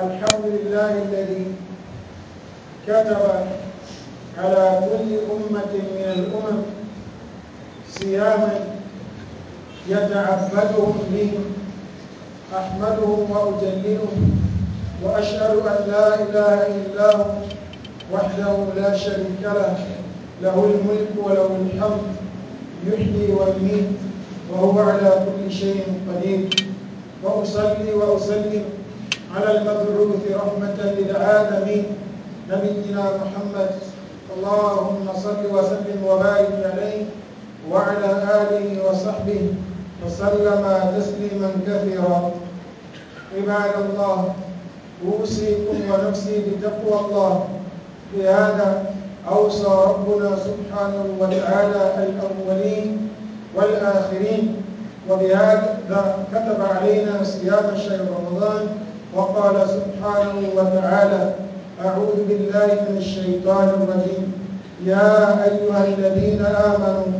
الحمد لله الذي كتب على كل أمة من الأمم صياما يتعبدهم به أحمدهم وأجللهم وأشهد أن لا إله إلا هو وحده لا شريك له له الملك وله الحمد يحيي ويميت وهو على كل شيء قدير وأصلي وأسلم على المبعوث رحمة للعالمين نبينا محمد اللهم صل وسلم وبارك عليه وعلى آله وصحبه وسلم تسليما كثيرا عباد الله أوصيكم ونفسي بتقوى الله بهذا أوصى ربنا سبحانه وتعالى الأولين والآخرين وبهذا كتب علينا صيام شهر رمضان وقال سبحانه وتعالى أعوذ بالله من الشيطان الرجيم يا أيها الذين آمنوا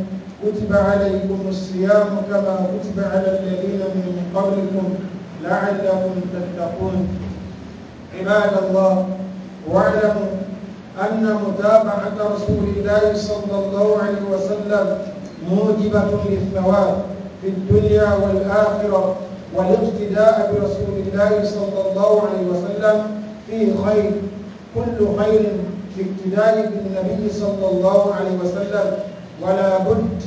كتب عليكم الصيام كما كتب على الذين من قبلكم لعلكم تتقون عباد الله واعلموا أن متابعة رسول الله صلى الله عليه وسلم موجبة للثواب في الدنيا والآخرة والاقتداء برسول الله صلى الله عليه وسلم فيه خير كل خير في اقتداء بالنبي صلى الله عليه وسلم ولا بد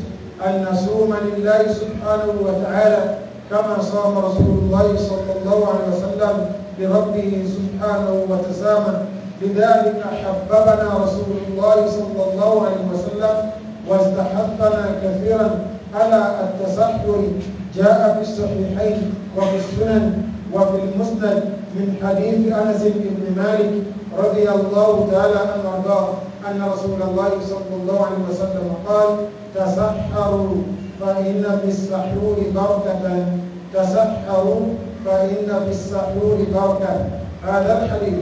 أن نصوم لله سبحانه وتعالى كما صام رسول الله صلى الله عليه وسلم لربه سبحانه وتسامى لذلك حببنا رسول الله صلى الله عليه وسلم واستحبنا كثيرا على التسحر جاء في الصحيحين وفي السنن وفي المسند من حديث انس بن مالك رضي الله تعالى عنه وارضاه ان رسول الله صلى الله عليه وسلم قال تسحروا فان في السحور بركه تسحروا فان في السحور بركه هذا الحديث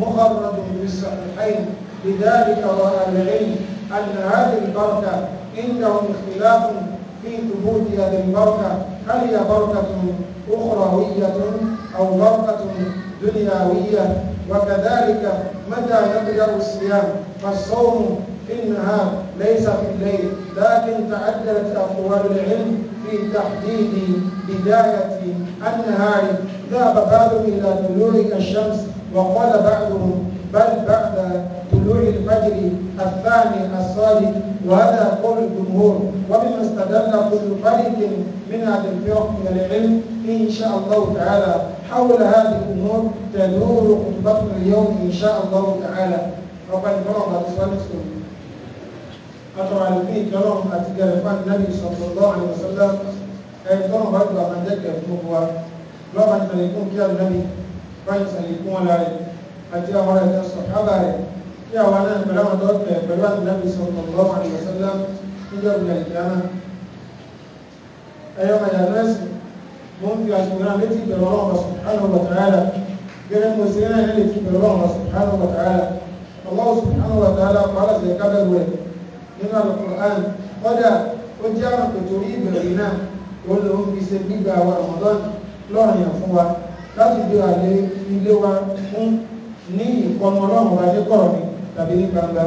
مخرج في الصحيحين لذلك راى العلم ان هذه البركه عندهم اختلاف في ثبوت هذه البركة هل هي بركة أخروية أو بركة دنيوية وكذلك متى نبدأ الصيام فالصوم في النهار ليس في الليل لكن تعدلت أقوال العلم في تحديد بداية النهار ذهب بعضهم إلى طلوع الشمس وقال بعضهم بل بعد طلوع الفجر الثاني الصادق وهذا قول الجمهور وبما استدل كل فريق من هذا الفرق من العلم ان شاء الله تعالى حول هذه الامور تدور خطبتنا اليوم ان شاء الله تعالى وقد فرض اسوانكم أترى الفيك لهم أتجرفان النبي صلى الله عليه وسلم ẹ̀ẹ́dọ́rùn bá gbà máa jẹ́kẹ̀ fún wa lọ́wọ́ àti àlékún kí àlùmẹ́bí báyìí sàlékún wọn lára àti àwọn kí àwọn náà pẹ̀lú àwọn dọ́tẹ̀ pẹ̀lú àtìlẹ́bí sallallahu alaihi wasallam níjọ́ ìgbìyà ìkìyàmá ẹ̀yọ́ mayanẹ́sì mo ń fi àṣìwọ́n létí ìbẹ̀rù ọlọ́run subhanahu wa ta'ala gẹ́gẹ́ mo ṣe náà lè fi ìbẹ̀rù ọlọ́run subhanahu wa ta'ala Allah subhanahu wa ta'ala pàálà sí ẹ̀ká bẹ̀rù rẹ̀ nínú al-Qur'an kọ́dà ó jẹ́ àwọn pẹ̀tù orí ìbẹ̀rù náà ó lè ń fi ṣe gbígba àwọn Ramadan lọ́rùn yàn wa ní ìkọmọ ọlọ́run tàbí ní gbangba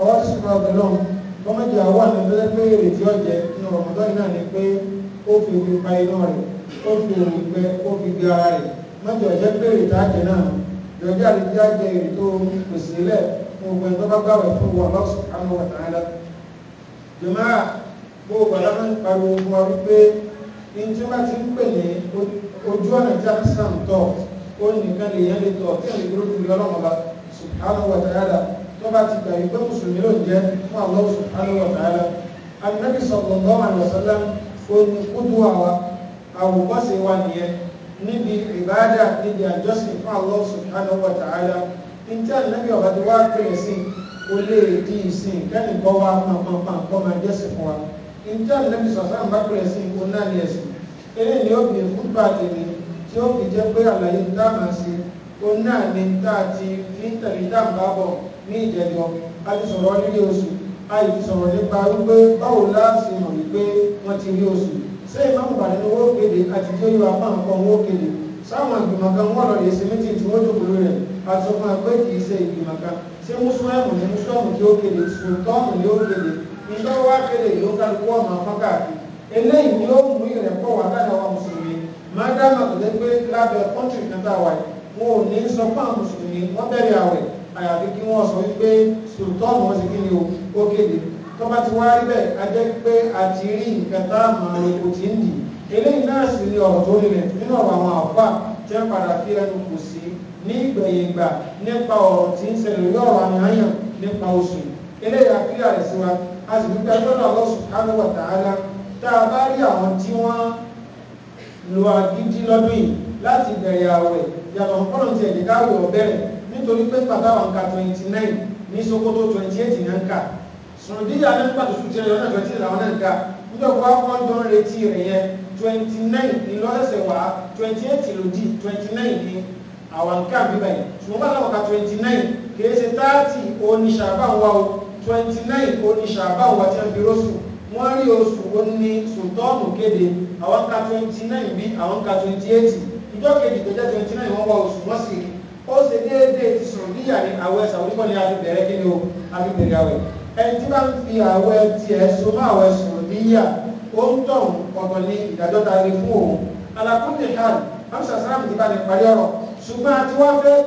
ọwọ́ sì máa bẹ̀ lọ́hùn kọ́mẹ́jì àwọn àmì tó lẹ́pẹ́ èrè tí ó jẹ nínú ọ̀mọ̀dọ́ yìí ni pé ó fi omi pa iná rẹ̀ ó fi omi gbẹ ó fi gbé ara rẹ̀ mọ́jọ jẹ́ pé èrè tá a jẹ náà yọjọ́ àti já jẹ èrè tó pèsè lẹ̀ fún gbogbo ẹni tó bá gbàwẹ̀ fún wọn lọ́sùn àwọn ọ̀tá ńlá jọmọ́ gbogbo aláwọ̀ ń pariwo fún wa wípé ìjọ bá ti ń pè ní ojú subhanahu wa ta'ala tó bá ti gbà wípé mùsùlùmí ló ń jẹ́ fún Allah subhanahu wa ta'ala anabi sallallahu alaihi wasallam olùkúdù àwa àwòkọ́ṣe wa nìyẹn níbi ìbáàdà níbi àjọsìn fún Allah subhanahu wa ta'ala níta anabi ọba ti wá pèrè sí o lè di ìsìn kẹ́ni kọ́ wa pàmpàmpàm kọ́ máa jẹ́sìn fún wa níta anabi sọ̀sán bá pèrè sí o náà ní ẹ̀sìn eléyìí ni ó bìí fúdùbà tèmi tí ó fi jẹ́ pé àlàyé dáhà sí òun náà ni tá a ti fi ń tẹ̀lé dáàbà bọ̀ ní ìjẹjọ a ti sọ̀rọ̀ nílé oṣù a yìí ti sọ̀rọ̀ nípa wípé báwo láti hàn wípé wọ́n ti rí oṣù ṣé ìmáàmù bàdé ni wọ́n kéde àti tí ó yọ apá nǹkan wọ́n ṣe méjì a sọ fún wa pé kì í ṣe ìgbìmọ̀ kan ṣé mùsùlùmí ni mùsùlùmí tí ó kéde sùtọ́ọ̀mù ni ó kéde ìjọ wa kéde ìlú kálukú ọ̀nà afọ́kàkì eléyìí ni ó mú ìrẹ̀pọ̀ wà láàrin àwọn mùsùlùmí má dáàmà tó dé pé lábẹ́ kọ́ńtì kan tá wọn ò ní sọ pé àwọn mùsùlùmí wọ́n bẹ̀rẹ̀ àwẹ̀ àyàfi kí wọ́n sọ wípé sultan wọn sì kí ni o ó kéde tó bá ti wá rí bẹ́ẹ̀ a jẹ́ pé a ti rí nǹkan tá a máa epo ti ń dì eléyìí náà sì ni ọ̀rọ̀ tó rinlẹ̀ nínú ọ̀rọ̀ àwọn àfà tí wọ́n padà fi ẹnu kò sí ní ìgbẹ̀yìngbà nípa ọ̀rọ̀ tí ń ṣẹlẹ̀ lórí ọ̀rọ̀ àyànyàn nípa oṣù eléyìí àfíà rẹ̀ sí wa a sì wípé agbọ́dọ̀ Allah subhanahu wa ta'ala tá a bá rí àwọn tí wọ́n lo agídí lọ́dún yìí láti bẹ̀rẹ̀ àwẹ̀ yàtọ̀ fọ́nà ti ẹ̀dẹ̀ káwẹ̀ ọ̀bẹ̀rẹ̀ nítorí pé pàtàwọn ka 29 ní Sókótó 28 ní ń kà sùnùdíyà ní pàtó sùn tiẹ̀ lọ́nà 20 làwọn náà ń kà níjọba wọn jọ ń retí rẹ̀ yẹn 29 ní lọ́sẹ̀sẹ̀ wá 28 lòdì 29 ní àwọn nǹkan bíbá yìí ṣùgbọ́n bá láwọn ka 29 kìí ṣe 30 oníṣàbá wa o 29 oníṣàbá wa ti ń fi rọ́sùn wọ́n rí oṣù ó ní sultanu kéde àwọn ka 29 bí àwọn ka 28 ìjọ́ kejì tó jẹ́ twenty nine wọ́n wá oṣù wọ́n sì ní ó ṣe déédéé ti sùn níyà ní àwẹ̀ sàwùjọ́ ni a ti kí ni o a ti bẹ̀rẹ̀ àwẹ̀ ẹni tí bá ń fi àwẹ̀ tiẹ̀ so mọ́ àwẹ̀ sùn níyà ó ń tọ̀ ọ̀tọ̀ ní ìdájọ́ ta ni fún òun alakunle han hamsa sàrámù ti bá ní parí ọ̀rọ̀ ṣùgbọ́n àti wá fẹ́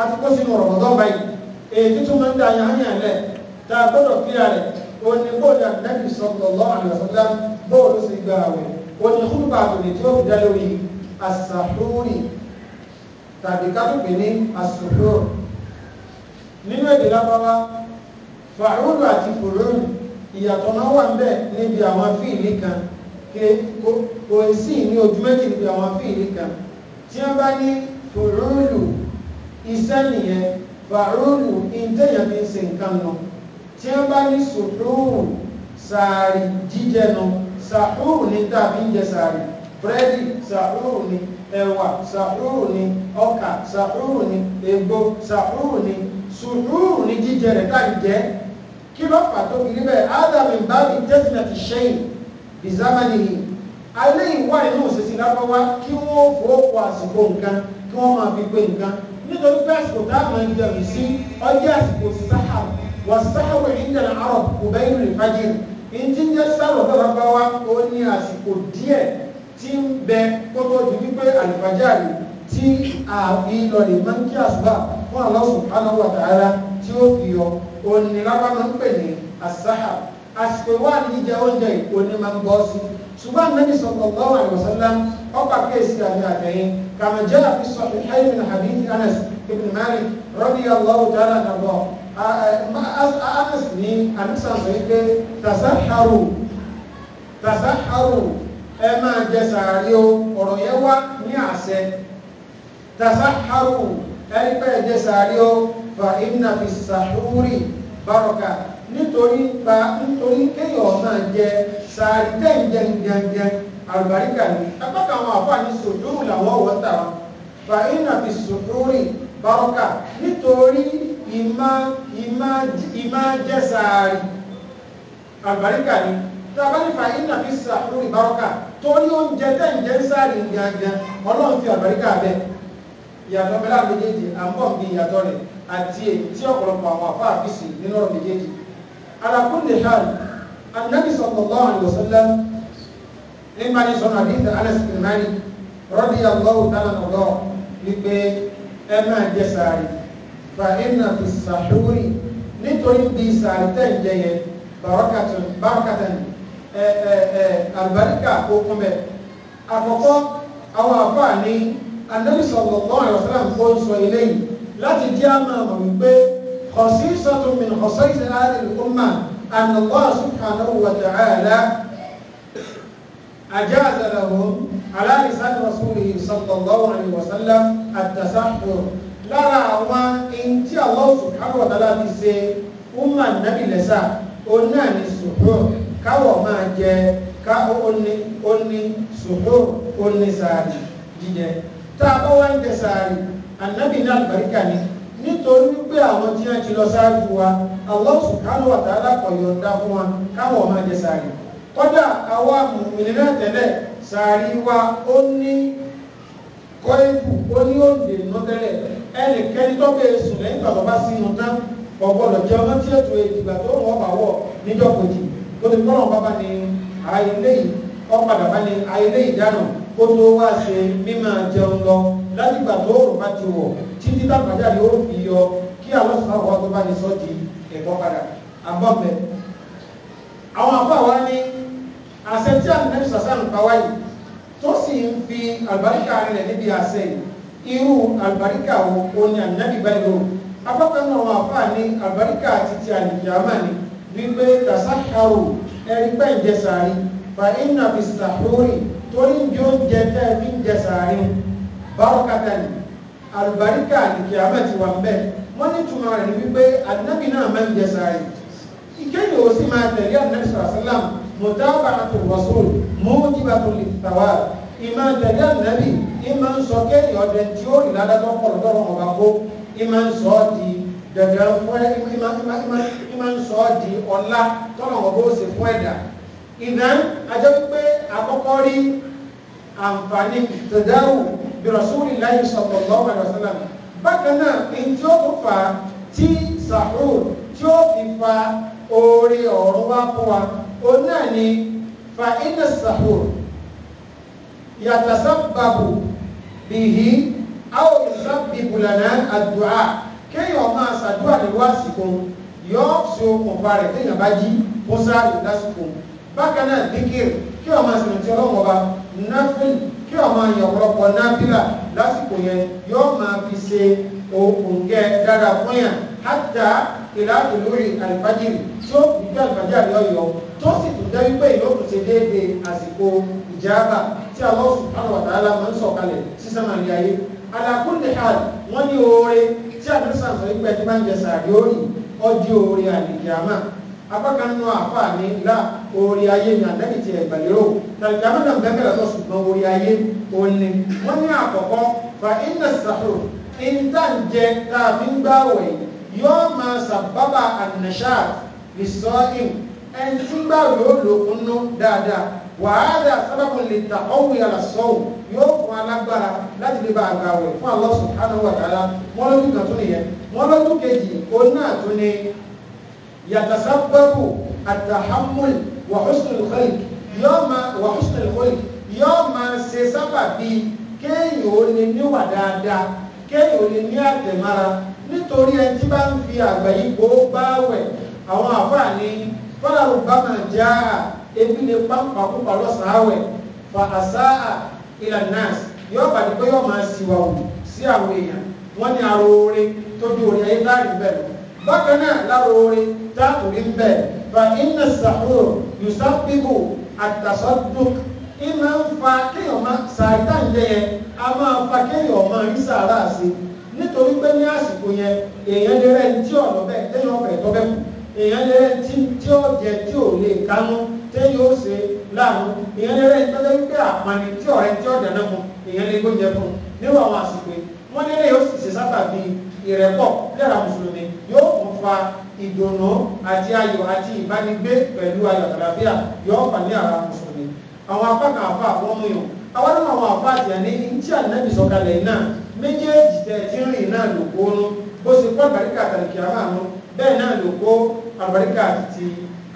àti kó sínú Ramadan báyìí èyí tuntun máa ń da yàhányàn lẹ̀ tá a gbọ́dọ̀ kíra rẹ̀ ó ní bóòlù àdínábì sallallahu alaihi wasallam bóòlù sì gba àwẹ̀ ó ní kúrúbà àtòlè tí ó fi dá lórí Asahuri tàbí kápùpì ní asùhúrù nínú èdè lábáwá fàrúrù àti fòrúrù ìyàtọ̀ náà wà ń bẹ níbi àwọn fíìlì kan kò sí ní ojú méjì níbi àwọn fíìlì kan tí wọ́n bá ní fòrúrù iṣẹ́ nìyẹn fàrúrù ìjẹyàn fi ń ṣe nǹkan nù tí wọ́n bá ní sòrúrù sàárì jíjẹ nù sàúrù ní tàbí jẹ sàárì búrẹ́dì sàhúrù ni ẹ̀wà sàhúrù ni ọkà sàhúrù ni egbò sàhúrù ni sùhúrù ni jíjẹ rẹ̀ káà jẹ́ kí ló fà tó fi rí bẹ́ẹ̀ ádámì bá mi tẹ́sílẹ̀ ti ṣẹ́yìn bìzámánì yìí alẹ́ ìwà inú òṣèṣì lábọ́wá kí wọ́n fòókò àsìkò nǹkan kí wọ́n máa fi pé nǹkan nítorí pé àsìkò tá a máa ń jẹun sí ọjọ́ àsìkò sáà wà sáà wẹ̀ ìjẹ̀lẹ̀ àrọ̀ kò bẹ́ẹ̀ ìrìn fájì ní ti ń jẹ́ sáà ó ní àsìkò díẹ̀ tí ń bẹ tọ́tọ́ di wípé àlùfájáàrí tí àmì ìlọrin máa ń kí àṣùbà fún Allah subhanahu wa ta'ala tí ó fi yọ onílábà máa ń pè ní àṣáhà àsìkò wà ní jíjẹ oúnjẹ òní máa ń bọ́ sí ṣùgbọ́n Nabi sallallahu alaihi wasallam ọkọ̀ àkíyèsí àmì àtẹ̀yìn kama jaa fi sahihayn Anas ibn Malik radiyallahu ta'ala anhu Anas ní àmì sàǹsọ̀ yìí pé tasaharu ẹ máa jẹ sàárì o ọ̀rọ̀ yẹn wá ní àṣẹ tasaharu ẹni pé ẹ jẹ sàárì o fa inna fi sahuri baraka nítorí pa nítorí kéèyàn máa jẹ sàárì tẹ́ǹjẹ̀ǹjẹ̀ǹjẹ̀ àlùbáríkà ni apá kan àwọn àfáàní sòjúrù làwọn ọ̀wọ́ tà wọn fa inna fi sahuri baraka nítorí ìmá jẹ sàárì àlùbáríkà ni tí fa inna fi sahuri baraka torí oúnjẹ tẹ́ ń jẹ ń sáré gangan ọlọ́run fi àbáríkà bẹ ìyàtọ̀ bẹ́lá méjèèjì à ń bọ̀ ń bí ìyàtọ̀ rẹ̀ àti èyí tí ọ̀pọ̀lọpọ̀ àwọn àfáà fi sí nínú ọ̀rọ̀ méjèèjì alakunle hàn anabi sallallahu alaihi wasallam nígbà ní sọnà àdéhùn Anas bin Malik radiyallahu ta'ala lọ wípé ẹ máa jẹ sáré fa inna fi sàhúrì nítorí bí sáré tẹ́ ń jẹ yẹn bàrákàtàn àlùbáríkà ó kún bẹ̀ àkọ́kọ́ àwọn àfáà ní Ànábì sallallahu alaihi wasallam kó ń sọ eléyìí láti jẹ́ àmà àmà wípé khaṣīṣatun min khaṣā'iṣi أجاز لهم على رسوله صلى الله عليه وسلم التسحر lára àwọn ẹni tí Allah subhanahu wa ta'ala ti ṣe ó mà káwọ̀ máa jẹ ká ó ní ó ní ṣòkó ó ní sàárì jíjẹ tá a bá wá ń jẹ sàárì ànábì náà àlùbáríkà ni nítorí wípé àwọn tí wọ́n ti lọ sáájú wa Allah subhanahu wa ta'ala kò yọ̀ǹda fún wa káwọ̀ máa jẹ sàárì kódà àwa mùmìnì náà tẹ́lẹ̀ sàárì wa ó ní kọ́ẹ̀bù ó ní òǹdè náà tẹ́lẹ̀ ẹnìkẹ́ni tó bẹ̀rẹ̀ sùn lẹ́yìn tọ̀tọ̀ bá sínú tán ọ̀gbọ́dọ̀ jẹ́ ọmọ tí ètò ìdìgbà tó wọ́n bá wọ̀ níjọ́ kejì tó ti tọ́nà bábá ni àìlé ọ̀padà bá ni àìlé ìdáná kó tó wá ṣe mímọ̀ jẹun lọ látìgbà tó òrùn bá ti wọ̀ títí tàbájá yóò fi yọ kí alọ́sùn àwọn tó bá ní sọ́ di ẹ̀kọ́ padà àbọ̀bẹ̀. àwọn àbáwá ní àṣẹ tí àmì sàṣàn pàwá yìí tó sì ń fi àlùbáríkà rẹ̀ níbi àṣẹ irú àlùbáríkà wo ni ànábì báyìí lò apákan náà wọn àfáà ní àlùbáríkà àti ti àlùjáàmà ni wípé tàṣàkàrò ẹ̀rí pẹ́ ń jẹ fa iná fi sàhórì torí ń jó jẹ tẹ́ fi ń jẹ sàárì bárọ̀kátà ni àlùbáríkà ni kì á mẹ́tì wà ń wọ́n ní túmọ̀ rẹ̀ ni wípé ànábì náà máa ń jẹ sàárì ìkéyìn ò sì máa tẹ̀lé ànábì sàlám mutaba'atu rasul mujibatu lit-thawab ìmọ̀ tẹ̀lé ànábì ìmọ̀ ń sọ kéèyàn ọdẹ tí ó rí ládàtọ̀ pọ̀ lọ́dọ̀ ọ̀rọ̀ dandan fún ìmọ̀ ń sọ ọ́ di ọlá tọ́lọ̀ wọn bó ṣe fún ẹ̀dá ìdán ajọ́ pé àkọ́kọ́ rí àǹfààní tẹ̀dáwù bi Rasulillahi sallallahu alaihi wasallam bákan náà èyí tí ó tó fà á tí sàhùr tí ó fi fa oore ọ̀rọ̀ wá fún wa òun náà ni fa iná sàhùr yàtàsábàbù bìhí àwọn ìsábìbùlànà àdúrà kéèyàn máa ṣàdúrà nínú àsìkò yọ sí okùnfà rẹ̀ téèyàn bá jí kó sáré lásìkò bákan náà díkìrì kí ọmọ ìsìnàtí ọlọ́wọ́ bá náfìlì kí ọmọ ìyọ̀pọ̀lọpọ̀ náfìlà lásìkò yẹn yọ máa fi ṣe òkùnkẹ́ dára fún yàn hátà ìlà ìlúrí àlìfájìrì tí ó kù bí àlìfájìrì ọyọ tó sì tún jẹ́ wípé ìlókùn ṣe déédéé àsìkò ìjábà tí Allah subhanahu wa ta'ala ń sọ̀kalẹ̀ sí ilé ayé ala kulli hal wọ́n ní oore tí àmì sàn sọ wípé ẹni máa ń jẹ sàárì ó yìí ọdí oore àlìkìámà apákan nínú àfa ní ìlà oore ayé ní ànábì ti ẹgbàlérò àlìkìámà náà bẹ́ẹ̀ bẹ́ẹ̀ lọ ṣùgbọ́n oore ayé òní wọ́n ní àkọ́kọ́ fa iná sàrò ìntànjẹ wàhálà sábàbù lè ta ọ̀wù yàrá sọ́wù yóò fún alágbára láti lè bá àgbà wẹ̀ fún Allah subhanahu wa ta'ala wọ́n lójú kan tún nìyẹn wọ́n lójú kejì òun náà tún ní yàtàsábàbù àtàhámùl wa husnul khulq yóò máa wa husnul khulq yóò kéèyàn ò lè níwà dáadáa kéèyàn ò lè ní àtẹ̀mára nítorí ẹni tí bá ń fi àgbà yìí gbó bá wẹ̀ àwọn àfáà ní fọlá rúbámà já ebi lè pàpà púpà lọ́sàn-án fa àṣà ìlà nurse yóò bàjẹ́ pé yóò máa sì wà wù sí àwọn èèyàn wọ́n ní aró oore tójú orí ayé láàrin bẹ́ẹ̀ lọ bákan náà láró oore táàtò rí fa iná sàhúrò yusafibu àtàsọ́dúk ìmọ̀ ń fa kéèyàn máa sàárítà ń jẹ yẹn a máa fa kéèyàn máa rí sàárà sí nítorí pé ní àsìkò yẹn èèyàn lè rẹ́ ní tí ọ̀nà bẹ́ẹ̀ lẹ́yìn ọ̀fẹ́ tọ́bẹ̀kù èèyàn lè rẹ tí tí ó jẹ tí ò lè kánú téyìn ó ṣe láàánú èèyàn lè rẹ tọ́jọ́ wípé àpàní tí ọ̀rẹ́ tí ọ̀dà náà fún èèyàn lè gbóúnjẹ fún níwọ̀n àwọn àsìkò wọn lè rẹ yóò sì ṣe sábà bí ìrẹ́pọ̀ lára mùsùlùmí yóò kún fa ìdùnnú àti ayọ̀ àti ìbánigbé pẹ̀lú ayọ̀ àlàáfíà yóò fà ní ara mùsùlùmí àwọn apá kan àfa àwọn ọmọ yòó àwọn náà àwọn àfa àti àní ìtí ànábì sọ̀kalẹ̀ náà méjèèjì tẹ̀ tí ń rìn náà lòkó nú bó ṣe pọ́ àgbàríkà àtàlùkì àmà nú bẹ́ẹ̀ náà lòkó àbáríkà àti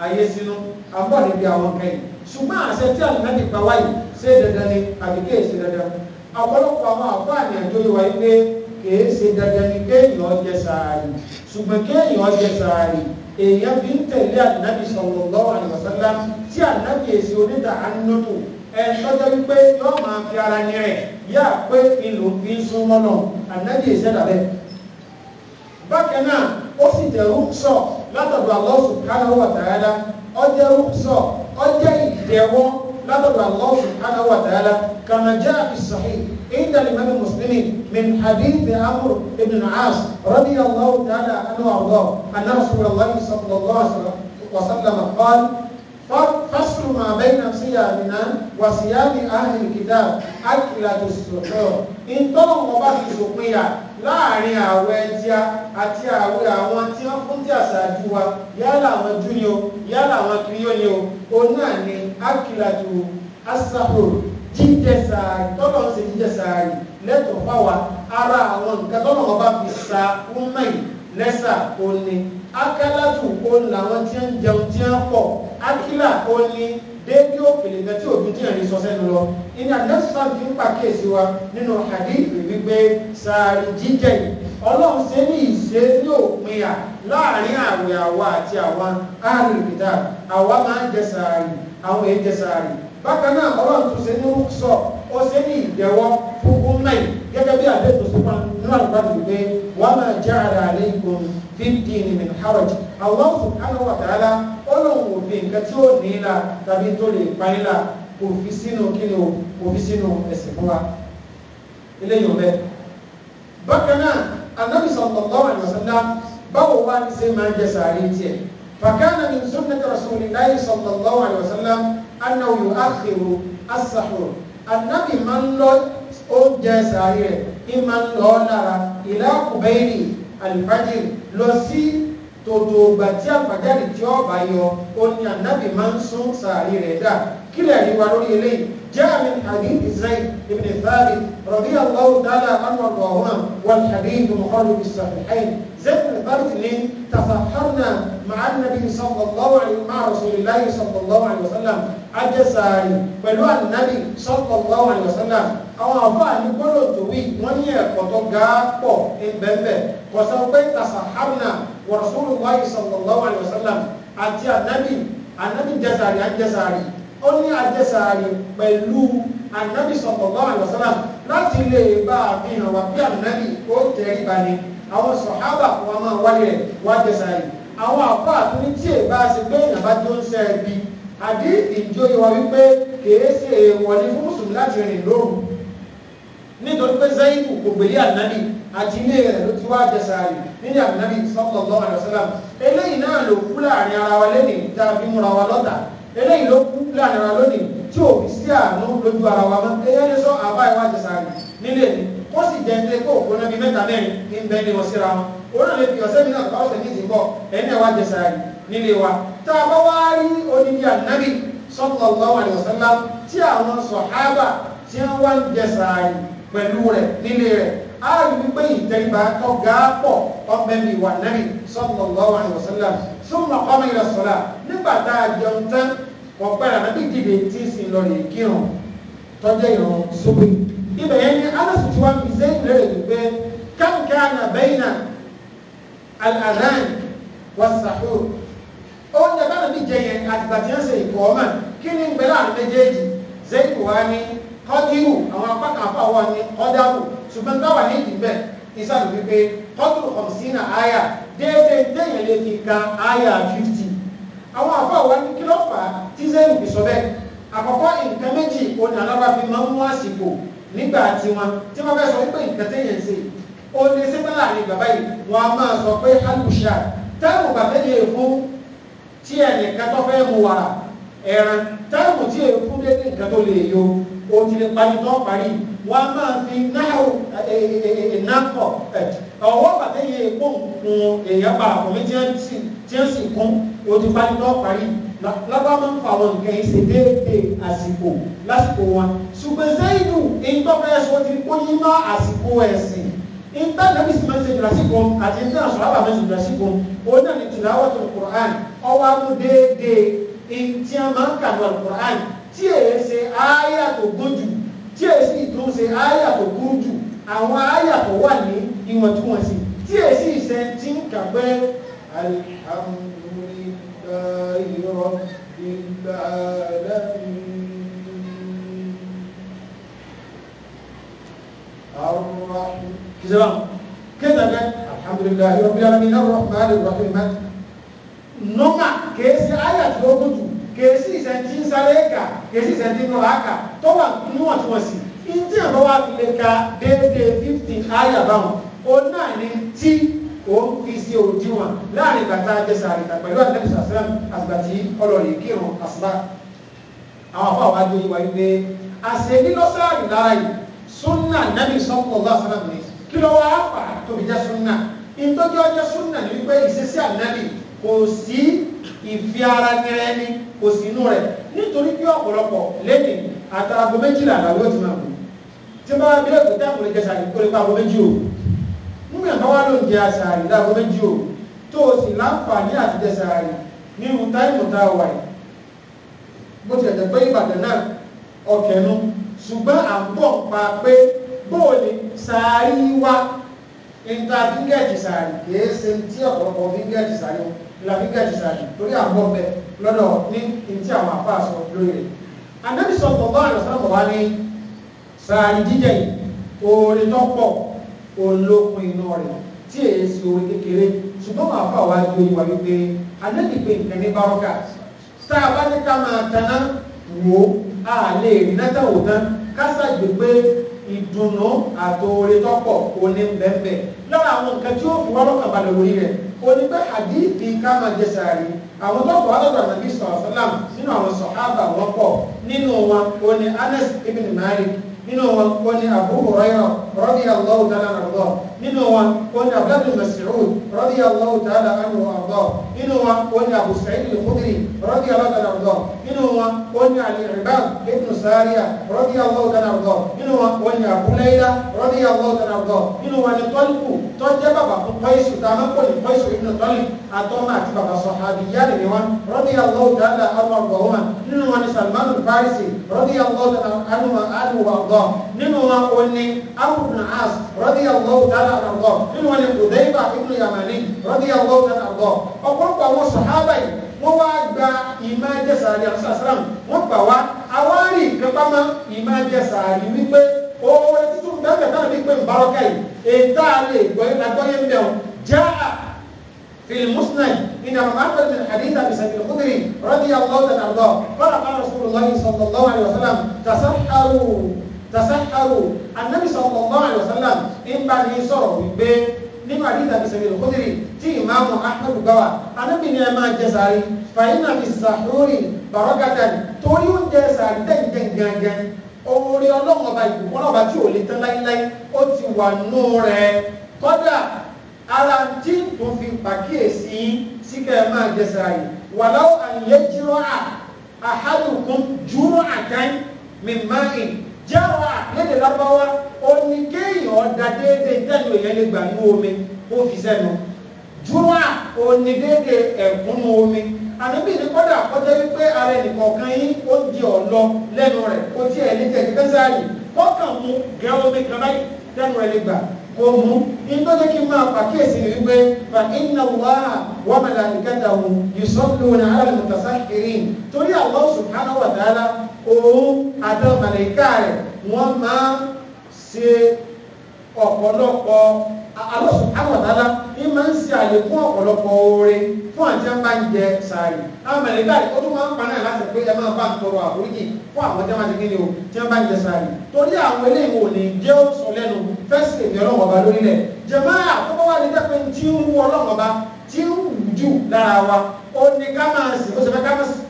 ayé sínú àbọ̀ níbi àwọn kẹyìn ṣùgbọ́n àṣẹ tí àwọn náà ti pa wáyé ṣé dandan ni àbí kèé ṣe dandan ọ̀pọ̀lọpọ̀ àwọn àbọ̀ àmì àjọ ìwà yìí pé kèé ṣe dandan ni kéèyàn jẹ sàárì ṣùgbọ́n kéèyàn jẹ sàárì èèyàn fi ń tẹ̀lé ànábì sallallahu alaihi wasallam tí ànábì èsì oníta ànínútù ẹni tọ́jọ́ wípé yóò máa fi ara ní rẹ̀ yá pé ìlú fi ń sún mọ́nà ànábì èsì ẹ̀dà bẹ́ẹ̀ náà ó sì dẹ̀rú sọ látọ̀dọ̀ Allah subhanahu wa ta'ala ọjẹ́ rúkṣọ̀ ọjẹ́ ìdẹ̀wọ́ látọ̀dọ̀ Allah subhanahu wa ta'ala kama jaa fi sahih inda al-imam muslimin min hadith amr ibn al-as radiyallahu ta'ala anhu arda anna rasulullah sallallahu alaihi wasallam qala فصل ما بين صيامنا وصيام اهل الكتاب اكله السحور ان طلب وبعد سقيا láàrin àwẹ̀ ẹja àti àwẹ̀ àwọn tí wọ́n fún tí àṣáájú wa yálà àwọn jú ni o yálà àwọn kiri ó ni o ó náà ni akilatu asahoro jíjẹ tọ́lọ̀ ń ṣe jíjẹ sàárì fáwa ara àwọn nǹkan tọ́lọ̀ wọn bá fi sa wúmọ̀ yìí lẹ́sà ó ní akálàtù ó làwọn tí ń jẹun tí ń pọ̀ akílà ó déédé òkèlè nǹkan tí òbí díẹ̀ ní sọ́sẹ́nu lọ ìní àdásán fi ń pàkíyèsí wa nínú hadith wípé sàárì jíjẹ ọlọ́run ṣe ní ìṣe ní òpinya láàrin àwẹ̀ àwa àti àwa àrùnkìtà àwa máa ń jẹ sàárì àwọn èyí jẹ sàárì bákan náà ọlọ́run tún ṣe ní rúkṣọ ó ṣe ní ìdẹ̀wọ́ fúnfún mẹ́yìn gẹ́gẹ́ bí àdéhùn tó pa nínú àlùkò àdùgbé wàá máa jẹ́ ara àlẹ́ ìgbòho fífdí ni mìíràn harrod Allah subhanahu wa lòun ò fi nǹkan tí ó ní la tàbí tó lè pa ní la kò fi sínú kí ni o kò fi sínú ẹ̀sìn fún wa eléyìí ọ̀bẹ. bákan náà anábì tòdò ògbà tí àfàjáde tí ó bá yọ ó ní ànábì máa ń sún sàárì rẹ̀ dà kílẹ̀ rí wa lórí eléyìí جاء من حديث زيد بن ثابت رضي الله تعالى عنه وارضاهما والحديث مخرج الصحيحين زيد بن ثابت ليه تفحرنا مع النبي صلى الله عليه مع رسول الله صلى الله عليه وسلم اجساري pẹ̀lú النبي صلى الله عليه وسلم àwọn àfáàní gbọ́dọ̀ tó wí wọ́n ní ẹ̀kọ́ tó ga pọ̀ ẹgbẹ̀ẹ́bẹ̀ kọ̀sán pé tasahárnà wa rasulullahi sallallahu alaihi wasallam àti ànábì ànábì jẹsàrí àjẹsàrí ó ní àjẹsàrí pẹ̀lú ànábì sallallahu alaihi wasallam láti lè bá àfihàn wà bí ànábì ó tẹ̀rí ni àwọn sọ̀hábà wọn máa wáyé rẹ̀ wá jẹsàrí àwọn àpá àtúní tí èbá ṣe pé èèyàn bá tó ń sẹ́ ẹbí àbí nítorí pé zayidu kò gbèlé ànábì àti ilé rẹ̀ ló ti wá jẹsàárì nínú ànábì sallallahu alaihi wasallam eléyìí náà ló kú láàrin ara wa lónìí tá a fi múra wa lọ́tà eléyìí ló kú láàrin ara lónìí tí ò fi sí àánú lójú ara wa mọ́ eyé ló sọ àbá ìwà jẹsàárì nílé ni ó sì jẹ́ ilé kó òkú náà bí mẹ́ta mẹ́rin ní ń bẹ́ wọn síra wọn òun lè fi ọ̀sẹ́ mi náà kọ́ ọ̀sẹ̀ méjì ẹni ẹ̀wà jẹsàárì nílé wa tí pẹ̀lú rẹ̀ nílé rẹ̀ á rí wípé ìtẹ́ríba tó ga pọ̀ ọbẹ̀ mi wà lẹ́rìn sallallahu alaihi wasallam summa qama ila salat nígbà tá a jẹun tán ọ̀pẹ́ ànábì dìde tí ì sìn lọ rè kírun tọ́jọ́ ìran sóbì ibẹ̀ yẹn ni alásù tí wọ́n fi sẹ́yìn lérè wípé káńkà na bayna al-adhan oúnjẹ bá nàbí jẹ yẹn àtìgbà tí ìkọ́ ọmọ kí ni ń bẹ láàrin méjèèjì zẹ́yìn kọ́dírù àwọn apákàpá wa ní kọ́dárù ṣùgbọ́n táwà ní ìdìbẹ̀ ìsàlù wípé kọ́dírù ọ̀sìn àyà déédé déyàn lè fi ka àyà 50 àwọn àfọ́ àwọn ní kí ló fà á tí sẹ́yìn fi sọ bẹ́ẹ̀ àkọ́kọ́ nǹkan méjì òní alára fi máa ń mú àsìkò nígbà tí wọn tí wọn fẹ́ sọ wípé nǹkan téèyàn ṣe ó lè ṣe pẹ́lá ní bàbá yìí wọn a máa sọ pé alùsà táìmù bàbá lè fún tí ẹnìkan tó fẹ́ mu wàrà ẹran táìmù tí èèfún dédé nǹkan tó lè yọ omi lè parí tó parí wọ́n á máa fi náhù ìnákọ̀ ọwọ́ bàtẹ́yẹ epo nǹkan èèyàn pa àkọ́mí tí ó sì kún o ti parí tó parí lábá máa ń fa àwọn nǹkan ìṣe déédéé àsìkò lásìkò wọn ṣùgbọ́n zaidu ìtọ́fẹ́ sọ ti kó yí má àsìkò ẹ̀sìn ìta nàbí sì máa ń ṣe ìdúrásìkò àti ìta àṣọ àbàmọ́ ìdúrásìkò ó náà ní tìláwọ̀ tó kùrán ọwọ́ á mú déédéé ìtì àmà ń kà tí èyí ṣe ááyà tó gún jù tí èyí sì tún ṣe ááyà tó gún jù àwọn ááyà tó wà ní ìwọ̀ntúnwọ̀nsì tí èyí sì ṣe tí ń kà pé alhamdulillahi rabbil alamin arrahim kìsìlámù kéèdà bẹ alhamdulillahi kèésì ìṣẹ́ tí ń sáré kà kèésì ìṣẹ́ tí ń rọra kà tó wà níwọ̀ntúnwọ̀nsì ìdí àbọ̀ wa fi lè ka déédéé fifty ayà báwọn ó náà ní tí ó ń fi sí òdiwọ̀n láàrin ìgbà tá a jẹ́ sàrìtà pẹ̀lú àtẹ́lẹ́ sàṣẹ́lẹ́m àgbà tí ọlọ́ọ̀lì kírun àṣìbá àwọn afọ àwọn adé wa wípé àṣẹ nílọ́sàárì lára yìí súnà nàbì sọ́kùnrin ọ̀gá àṣàlám ni kí ló wá fà tóbi jẹ́ súnà ìtọ́jú ọjọ́ súnà ní wípé ìṣesí ànábì kò sí ìfi ara tẹrẹ Ni kò sí inú rẹ̀ nítorí pé ọ̀pọ̀lọpọ̀ lẹ́yìn àtàràgbọ méjìlá àgbàwé òtún àbò tí bá bílẹ̀ tó tẹ́ àkùnrin jẹ sàrí kó lè pa àgbọ méjì o nígbà kan wá ló ń jẹ àsàrí láàgbọ méjì o tó o sì láǹfààní àti jẹ sàrí ní irun táìmù tá wà yìí bó tilẹ̀ jẹ́ pé Ìbàdàn náà ọ̀kẹ́nu ṣùgbọ́n à ń bọ̀ pa pé bóòlì sàárì wá ìta fíńgẹ̀tì sàárì kìí ṣe tí ọ̀pọ̀lọpọ̀ fíńgẹ̀tì sàárì wọn làfíkẹ́tì sàájú torí àwọn ọbẹ̀ lọ́dọ̀ ní tí àwọn àpá sọ lórí rẹ̀ anábì sọ pọ̀ báyọ̀ sọ́pọ̀ wá ní sàárì jíjẹ orin tó pọ̀ olókun iná rẹ̀ tí èyí sí orin kékeré ṣùgbọ́n àwọn àpá wá di oyin wà wípé anábì pé nǹkan ní bárọ́kà tá a bá ní ká máa taná wò á lè rí náà tán ká sàgbé pé ìdùnnú àtòore tọ́pọ̀ òní bẹ́ẹ̀bẹ́ẹ̀ lára àwọn nǹkan tí ó fi wọ́n lọ́kàn balẹ̀ orí rẹ̀ ó ní pé àdífi ká máa jẹ sàárì àwọn tó wà lọ́dọ̀ ànàbí sọ̀rọ̀sọ́làm nínú àwọn sọ̀hábà wọn pọ̀ nínú wọn ó ní Anas ibn Malik nínú wọn ó ní Abu Hurairah radiyallahu ta'ala anhu nínú wọn wọn ni abdullahi bin mas'ud radiyallahu ta'ala anhu arda nínú wọn wọn ni abu sa'id al-khudri radiyallahu ta'ala arda nínú wọn wọn ni al-irbad ibn sariya radiyallahu ta'ala arda nínú wọn wọn ni abu ta'ala àrùbọ̀ nínú wọn ni Hudayba ibn Yamani radiyallahu ta'ala àrùbọ̀ ọ̀pọ̀lọpọ̀ àwọn sàhábà yìí wọ́n wá gba ìmá jẹ́sàárì àṣàṣàràm wọ́n gbà wá awárí ìkápámá ìmá jẹ́sàárì wípé oore títún bẹ́ẹ̀ náà ní pé mbàrọ́kà yìí ètà lè gbọ́yé lágbọ́yé ń bẹ̀rù já في المسند إن أحمد من حديث أبي سعيد الخدري رضي الله عنه قال قال رسول الله صلى الله عليه وسلم تسحروا tasakaru anabi sallallahu alayhi wa sallam ń bá ní sọ̀rọ̀ wípé nínú àdìsá bí sẹ̀mí lókòdìrì tí ìmáàmù ahmed gawa anabi ni ẹ máa jẹ sàárì fàyínà fi sàhúrì bàrọ́gàdà torí oúnjẹ sàárì dẹ́gbẹ̀ẹ́ gángan oore ọlọ́run ọba ìbùkún ọlọ́run ọba tí ò lè tán láíláí ó ti wà nù rẹ̀ kọ́dà ara tí tó fi pàkíyèsí síkẹ́ ẹ máa jẹ sàárì wàláwọ̀ àyẹ̀jìrọ̀ àhádùkún jùrọ̀ àkáyìn mímáìn jáwa lédè lábáwá oní kéèyàn ọ̀dà déédéé tẹ́lẹ̀ èèyàn lè gbà ní omi ó fi sẹ́nu júwà oní déédéé ẹ̀kúnnú omi ànábì ní kọ́dà kọjá wípé ara ẹnìkọ̀ọ̀kan yín ó jẹ ọ̀lọ lẹ́nu rẹ̀ ó tiẹ̀ lè jẹ kíkẹ́ sáàyè kọ́kàn mú gẹ́ omi kan báyìí tẹ́nu rẹ̀ lè gbà mo mú nítorí kí n máa pàkíyèsí ni wípé fa inna Allaha wa malaikatahu yusalluna ala al-mutasakhirin torí Allah subhanahu wa ta'ala òun àtàwọn màlàíkà rẹ̀ wọ́n máa ṣe ọ̀pọ̀lọpọ̀ Allah subhanahu wa ta'ala àlékún ọ̀pọ̀lọpọ̀ oore fún àti ẹ̀ ń bá ń jẹ sàárì àwọn mẹ̀lẹ́gbà ó tún máa ń pa náà láti pé ẹ máa bá ń tọrọ àforíjì fún àwọn tí ti kíni o tí wọ́n bá ń jẹ sàárì torí àwọn eléyìí ò ní jẹ́ ó sọ lẹ́nu fẹ́sì èmi ọlọ́run ọba lórílẹ̀ jẹ̀máà tó bá wà ní dẹ́pẹ́ tí ń wú ọlọ́run ọba tí ń wù jù lára wa ó ní ká máa sìn ó sì fẹ́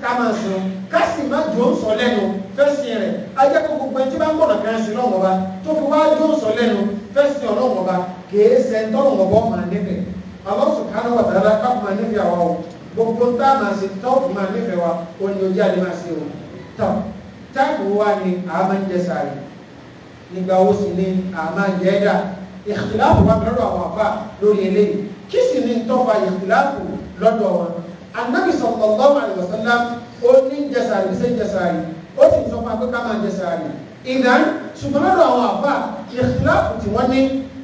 ká máa sìn ká sì má jò ń sọ lẹ́nu fẹ́sì rẹ̀ ajẹ́ kó gbogbo ẹni tí bá ń gbọ̀nà kan sí ọlọ́run ọba tó fi wá jò ń sọ lẹ́nu fẹ́sì ọlọ́run ọba kì í ṣe ń tọ́lọ́run ọba ọmọ níbẹ̀ Allahu subhanahu wa ta'ala káfù máa nífẹ̀ẹ́ gbogbo tá a máa ṣe tọ́ọ̀kù máa nífẹ̀ẹ́ wa ó ní ojú àdé máa ṣe o tọ́ táàbù wa ni a máa ń jẹ sàárì nígbà wo sì ni a máa ń jẹ ẹ́ dà ìkhtilafu wa lọ́dọ̀ àwọn àfà lórí eléyìí kí sì ni tọ́fà ìkhtilafu lọ́dọ̀ wọn Annabi sallallahu alaihi wasallam ó ní jẹ sàárì bí sẹ́ jẹ sàárì ó sì sọ fún akẹ́kọ̀ọ́ máa jẹ sàárì ìdán ṣùgbọ́n lọ́dọ̀ àwọn àfà ìkhtilafu tí wọ́n ní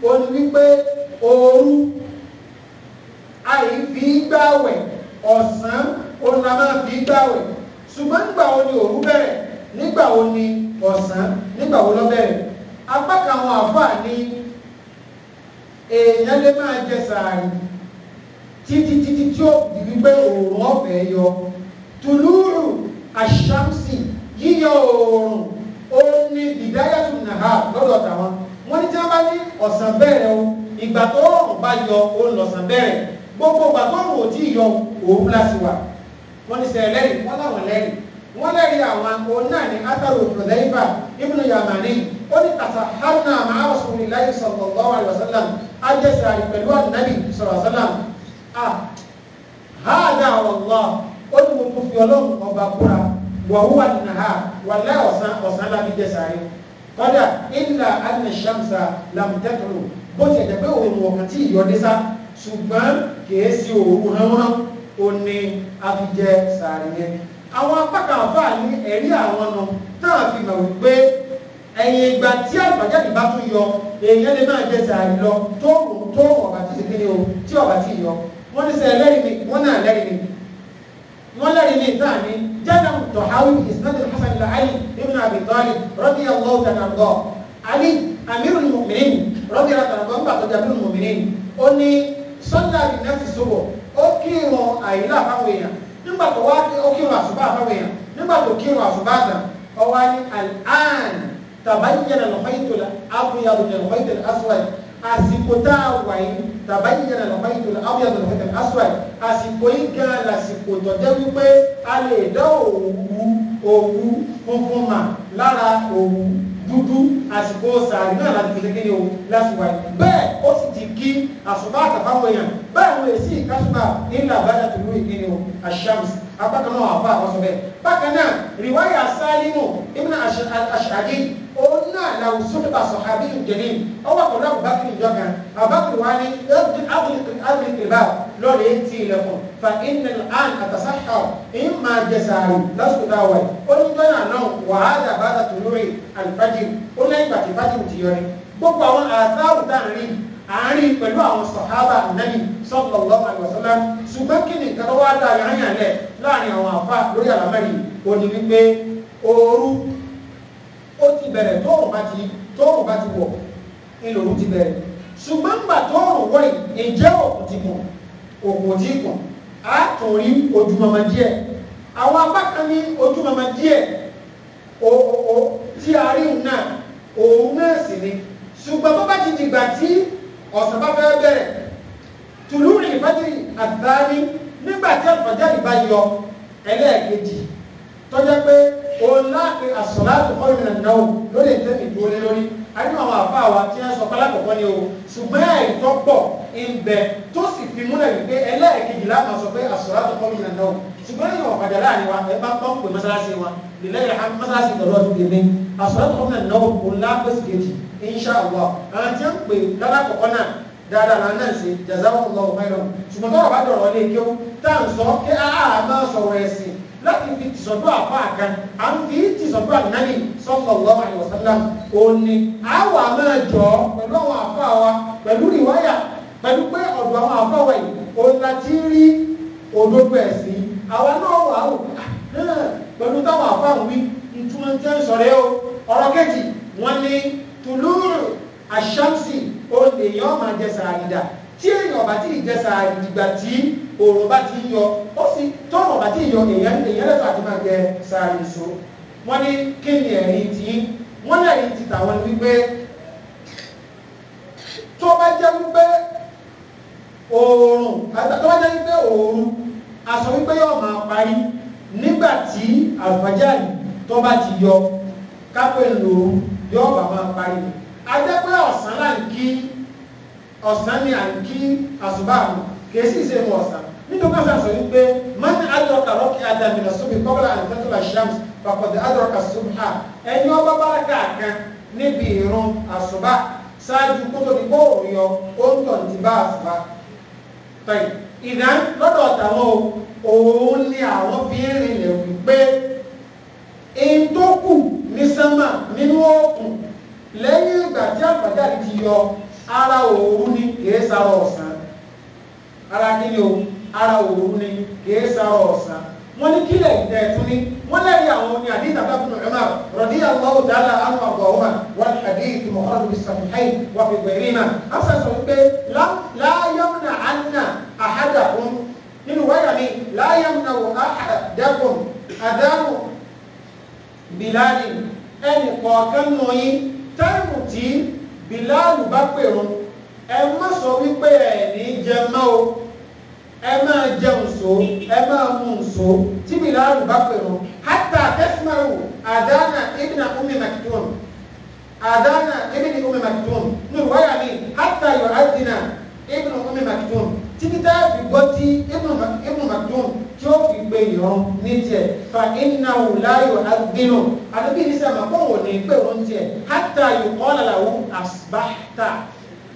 ó ní wípé ooru àì fi gbàwẹ̀ ọ̀sán òun la máa fi gbàwẹ̀ ṣùgbọ́n nígbà wo ni òru bẹ̀rẹ̀ nígbà wo ni ọ̀sán nígbà wo ló bẹ̀rẹ̀ apá kan àwọn àfáà ní èèyàn lè máa jẹ sàárì títí títí tí ó di wípé òòrùn ọ̀fẹ́ yọ tùlúùrù àṣàmsì yíyọ òòrùn ó ní ìdáyàtù nàá lọ́dọ̀ tàwọn wọ́n ní tí wọ́n bá ní ọ̀sán bẹ̀rẹ̀ o ìgbà tó òòrùn bá yọ ó lọ̀sán bẹ̀rẹ̀ gbogbo gbàtọ́rùn òtí ìyọ òun láti wà wọ́n ní sẹ lẹ́rìí wọ́n láwọn lẹ́rìí wọ́n lẹ́rìí àwọn òun náà ní átàrò Hudhayfa ibn Yamani ó ní tàṣà hánà ma'a Rasulillahi sallallahu alaihi wasallam ajẹ́sẹ̀ àrí pẹ̀lú ànábì sallallahu alaihi wasallam hádà wàllá ó ní gbogbo fi ọlọ́run ọba kúra wàhúwà nàá wàlá ọ̀sán ọ̀sán lábí jẹ́sẹ̀ àrí kọ́dà illa anna shamsa lam bó ti ẹ̀jẹ̀ pé òun wọ̀kàn tí ìyọdé ṣùgbọ́n kìí sí òru hánwọ́n ó ní afijẹ́ sàárì yẹn àwọn apákàáfà ní ẹ̀rí àwọn nù náà fi mọ̀ wípé ẹ̀yìn ìgbà tí àgbàjáde bá tún yọ èèyàn lè máa jẹ sàárì lọ tó tó ọ̀bà tí ìdílé o tí ọ̀bà tí yọ wọ́n ní sẹ́ lẹ́rìí mi wọ́n náà lẹ́rìí mi wọ́n lẹ́rìí mi náà ní jẹ́nà tọ̀háwí ìsìnàdì hasan ilà ali ibn abi talib rọ́bì allah tànàgọ́ ali amirul mu'minin rọ́bì rà tànàgọ́ ń bàtọ́jà bí mu'minin ó ní sọ́jà ní nẹ́ẹ̀sì sọ́wọ́ ó kírun àyílà fáwọn èèyàn nígbà tó wá ó kírun àṣùbà fáwọn èèyàn nígbà tó kírun àṣùbà tán ọwọ́ ní al'an tabayyana al-khayt al-abyad min al-khayt al-aswad àsìkò tá a wà yìí tabayyana al-khayt al-abyad min al-khayt àsìkò yìí gan lásìkò tó jẹ́ wípé a lè dá òwú òwú funfun mà lára òwú dúdú àsìkò sàárì náà láti fi lékè ní o láti wáyé bẹ́ẹ̀ ó sì ti kí àsùbá àtàfáwọn èèyàn bẹ́ẹ̀ wọ́n èsì ìkásùbà ńlá àbájá tòlú ìkíni o àṣàmùsì apákan náà àfa àkọsọ bẹ́ẹ̀ bákan náà rìwáyà sálímù ibn aṣáájì òun náà làwọn sọ́dọ̀bà sọ̀hábí ìjẹ̀lẹ̀ ọwọ́ pẹ̀lú àbúbákìrì ìjọba àbúbákìrì wa ni àbúrìkìrìbá lọ́ọ̀lẹ̀ ti ilẹ̀kùn fa iná àn àtàsáṣà ìyìn máa jẹ sàárì ó ní jọ́nà náà wàhálà bá dàtúrò rẹ̀ àlùfájì ó lẹ́yìn gbàtí fájì àárín pẹ̀lú àwọn sàhábà nẹ́bí sallallahu alaihi wasallam ṣùgbọ́n kí ni nǹkan wá dá yányàn lẹ̀ láàrin àwọn àfà lórí àlámẹ́rin ò ní wípé ooru ó ti bẹ̀rẹ̀ ojúmọmọ díẹ̀ àwọn apá ní ojúmọmọ díẹ̀ tí a rí náà òun náà sì ni ṣùgbọ́n bá ti dìgbà tí ọ̀sán bá fẹ́ bẹ̀rẹ̀ tùlú rìn fẹ́tìrì àtàní nígbà tí àfàjá ìbá yọ ẹlẹ́ẹ̀kejì tọ́jẹ́ pé òun láàpẹ àsọ̀láàtò ọ̀rìnà náà lórí ìtẹ́mì dúró lé lórí àrínú àwọn àfáà wa tí wọ́n sọ pé alákọ̀ọ́kọ́ ni o ṣùgbọ́n ẹ̀rí tó pọ̀ ìbẹ tó sì fi múlẹ̀ wípé ẹlẹ́ẹ̀kejì láàmà sọ pé àsọ̀láàtò ọ̀rìnà náà ṣùgbọ́n ẹ̀yìn ọ̀pàdà láàrin wa ẹ bá pọ́ǹpù mọ́sálásí wa lè inṣàlọ́ àwọn tí ó ń pè lálákọ̀ọ́kọ́ náà dáadáa la náà ṣe jazakumullahu khairan ṣùgbọ́n tọ́rọ̀ bá dọ̀rọ̀ lè kéwú tá à sọ kí ah, ah, a máa sọ̀rọ̀ ẹ̀sìn láti fi tìsọ̀dọ̀ àfa kan à ń fi tìsọ̀dọ̀ ànábì sallallahu alaihi wasallam òní àwọ̀ a máa jọ pẹ̀lú àwọn àfa wa pẹ̀lú rìwáyà pẹ̀lú pé ọ̀dọ̀ àwọn àfa wa yìí òun la ti rí òdodo ẹ̀sìn àwa náà wà ó ah, pẹ̀lú táwọn àfa wí ìtumọ̀ jẹ́ sọ̀rẹ́ o ọ̀rọ̀ kejì wọ́n ní tùlúrù àṣàmsì òun èèyàn máa jẹ sàárìdà tí èèyàn bá ti jẹ sàárìdìgbà tí òòrùn bá ti yọ ó sì tọ́wọ̀ bá ti yọ èèyàn èèyàn lẹ́tọ̀ àti máa jẹ sàárìsó wọ́n ní kí ni ẹ̀rí tí wọ́n lẹ́yìn ti tàwọn wípé tó bá jẹ́ wípé òòrùn tó bá jẹ́ wípé òòrùn aṣọ wípé yóò máa parí nígbà tí àlùfájàrí tó bá ti yọ kápẹ́ lòórùn yóò bá máa parí ajẹ́ pé ọ̀sán là ń kí ọ̀sán ni à ń kí àsùbá àmọ́ kì í sì ṣe mọ ọ̀sán nítorí pé sàṣọ wípé mọ́ni adọ́ka rọ́kì adamina sóbi kọ́bílà àdìtẹ́tọ́lá shams pàpọ̀dé adọ́ka subha ẹni ọba bára káàkan níbi ìrun àsùbá ṣáájú kótó ní bóòrù yọ ó tọ̀ ní bá àsùbá tọ́yì ìdá lọ́dọ̀ ọ̀tàwọn òun ni àwọn fi ń rìnlẹ̀ wípé ìtọ́kù ní sánmà nínú òkun lẹ́yìn ìgbà tí àfàjáde ti yọ ara òru ni kìí sára ọ̀sán ara kí ni o ara òru ni kìí sára ọ̀sán wọ́n ní kílẹ̀ ìtẹ̀ẹ̀tún ní wọ́n lẹ́rí àwọn oní àdíta tábùnù ẹ̀mà radiyallahu ta'ala anhu àgbàwọ́mà wal hadith mọ̀kànlá bí sàmìháì wà fi gbẹ̀rí mà afẹ́ wípé la yamna anna nínú wáyà ni la yamna ahadakum àdánù bìláàlì ẹnì kọ̀ọ̀kan nù yín táìmù tí bìláàlù bá pèrún ẹ má sọ wípé ẹ ní jẹ mọ́ o ẹ máa jẹun so ẹ máa mú un so tí bìláàlù bá pèrún hátà tẹ́símọ́rù àdánà ibn Ummi Maktum àdánà ibn Ummi Maktum nù wáyà mi hátà yóò adìnà ibn Ummi Maktum títí tá a fi gbọ́ tí ibùn makdum tí ó fi gbé ìran ní tiẹ̀ fa iná wùláyò agbínú àdúgbò ní sàmà kó wò ní pé òun tiẹ̀ hátà yóò kọ́ làlàwọ́ asbáhtà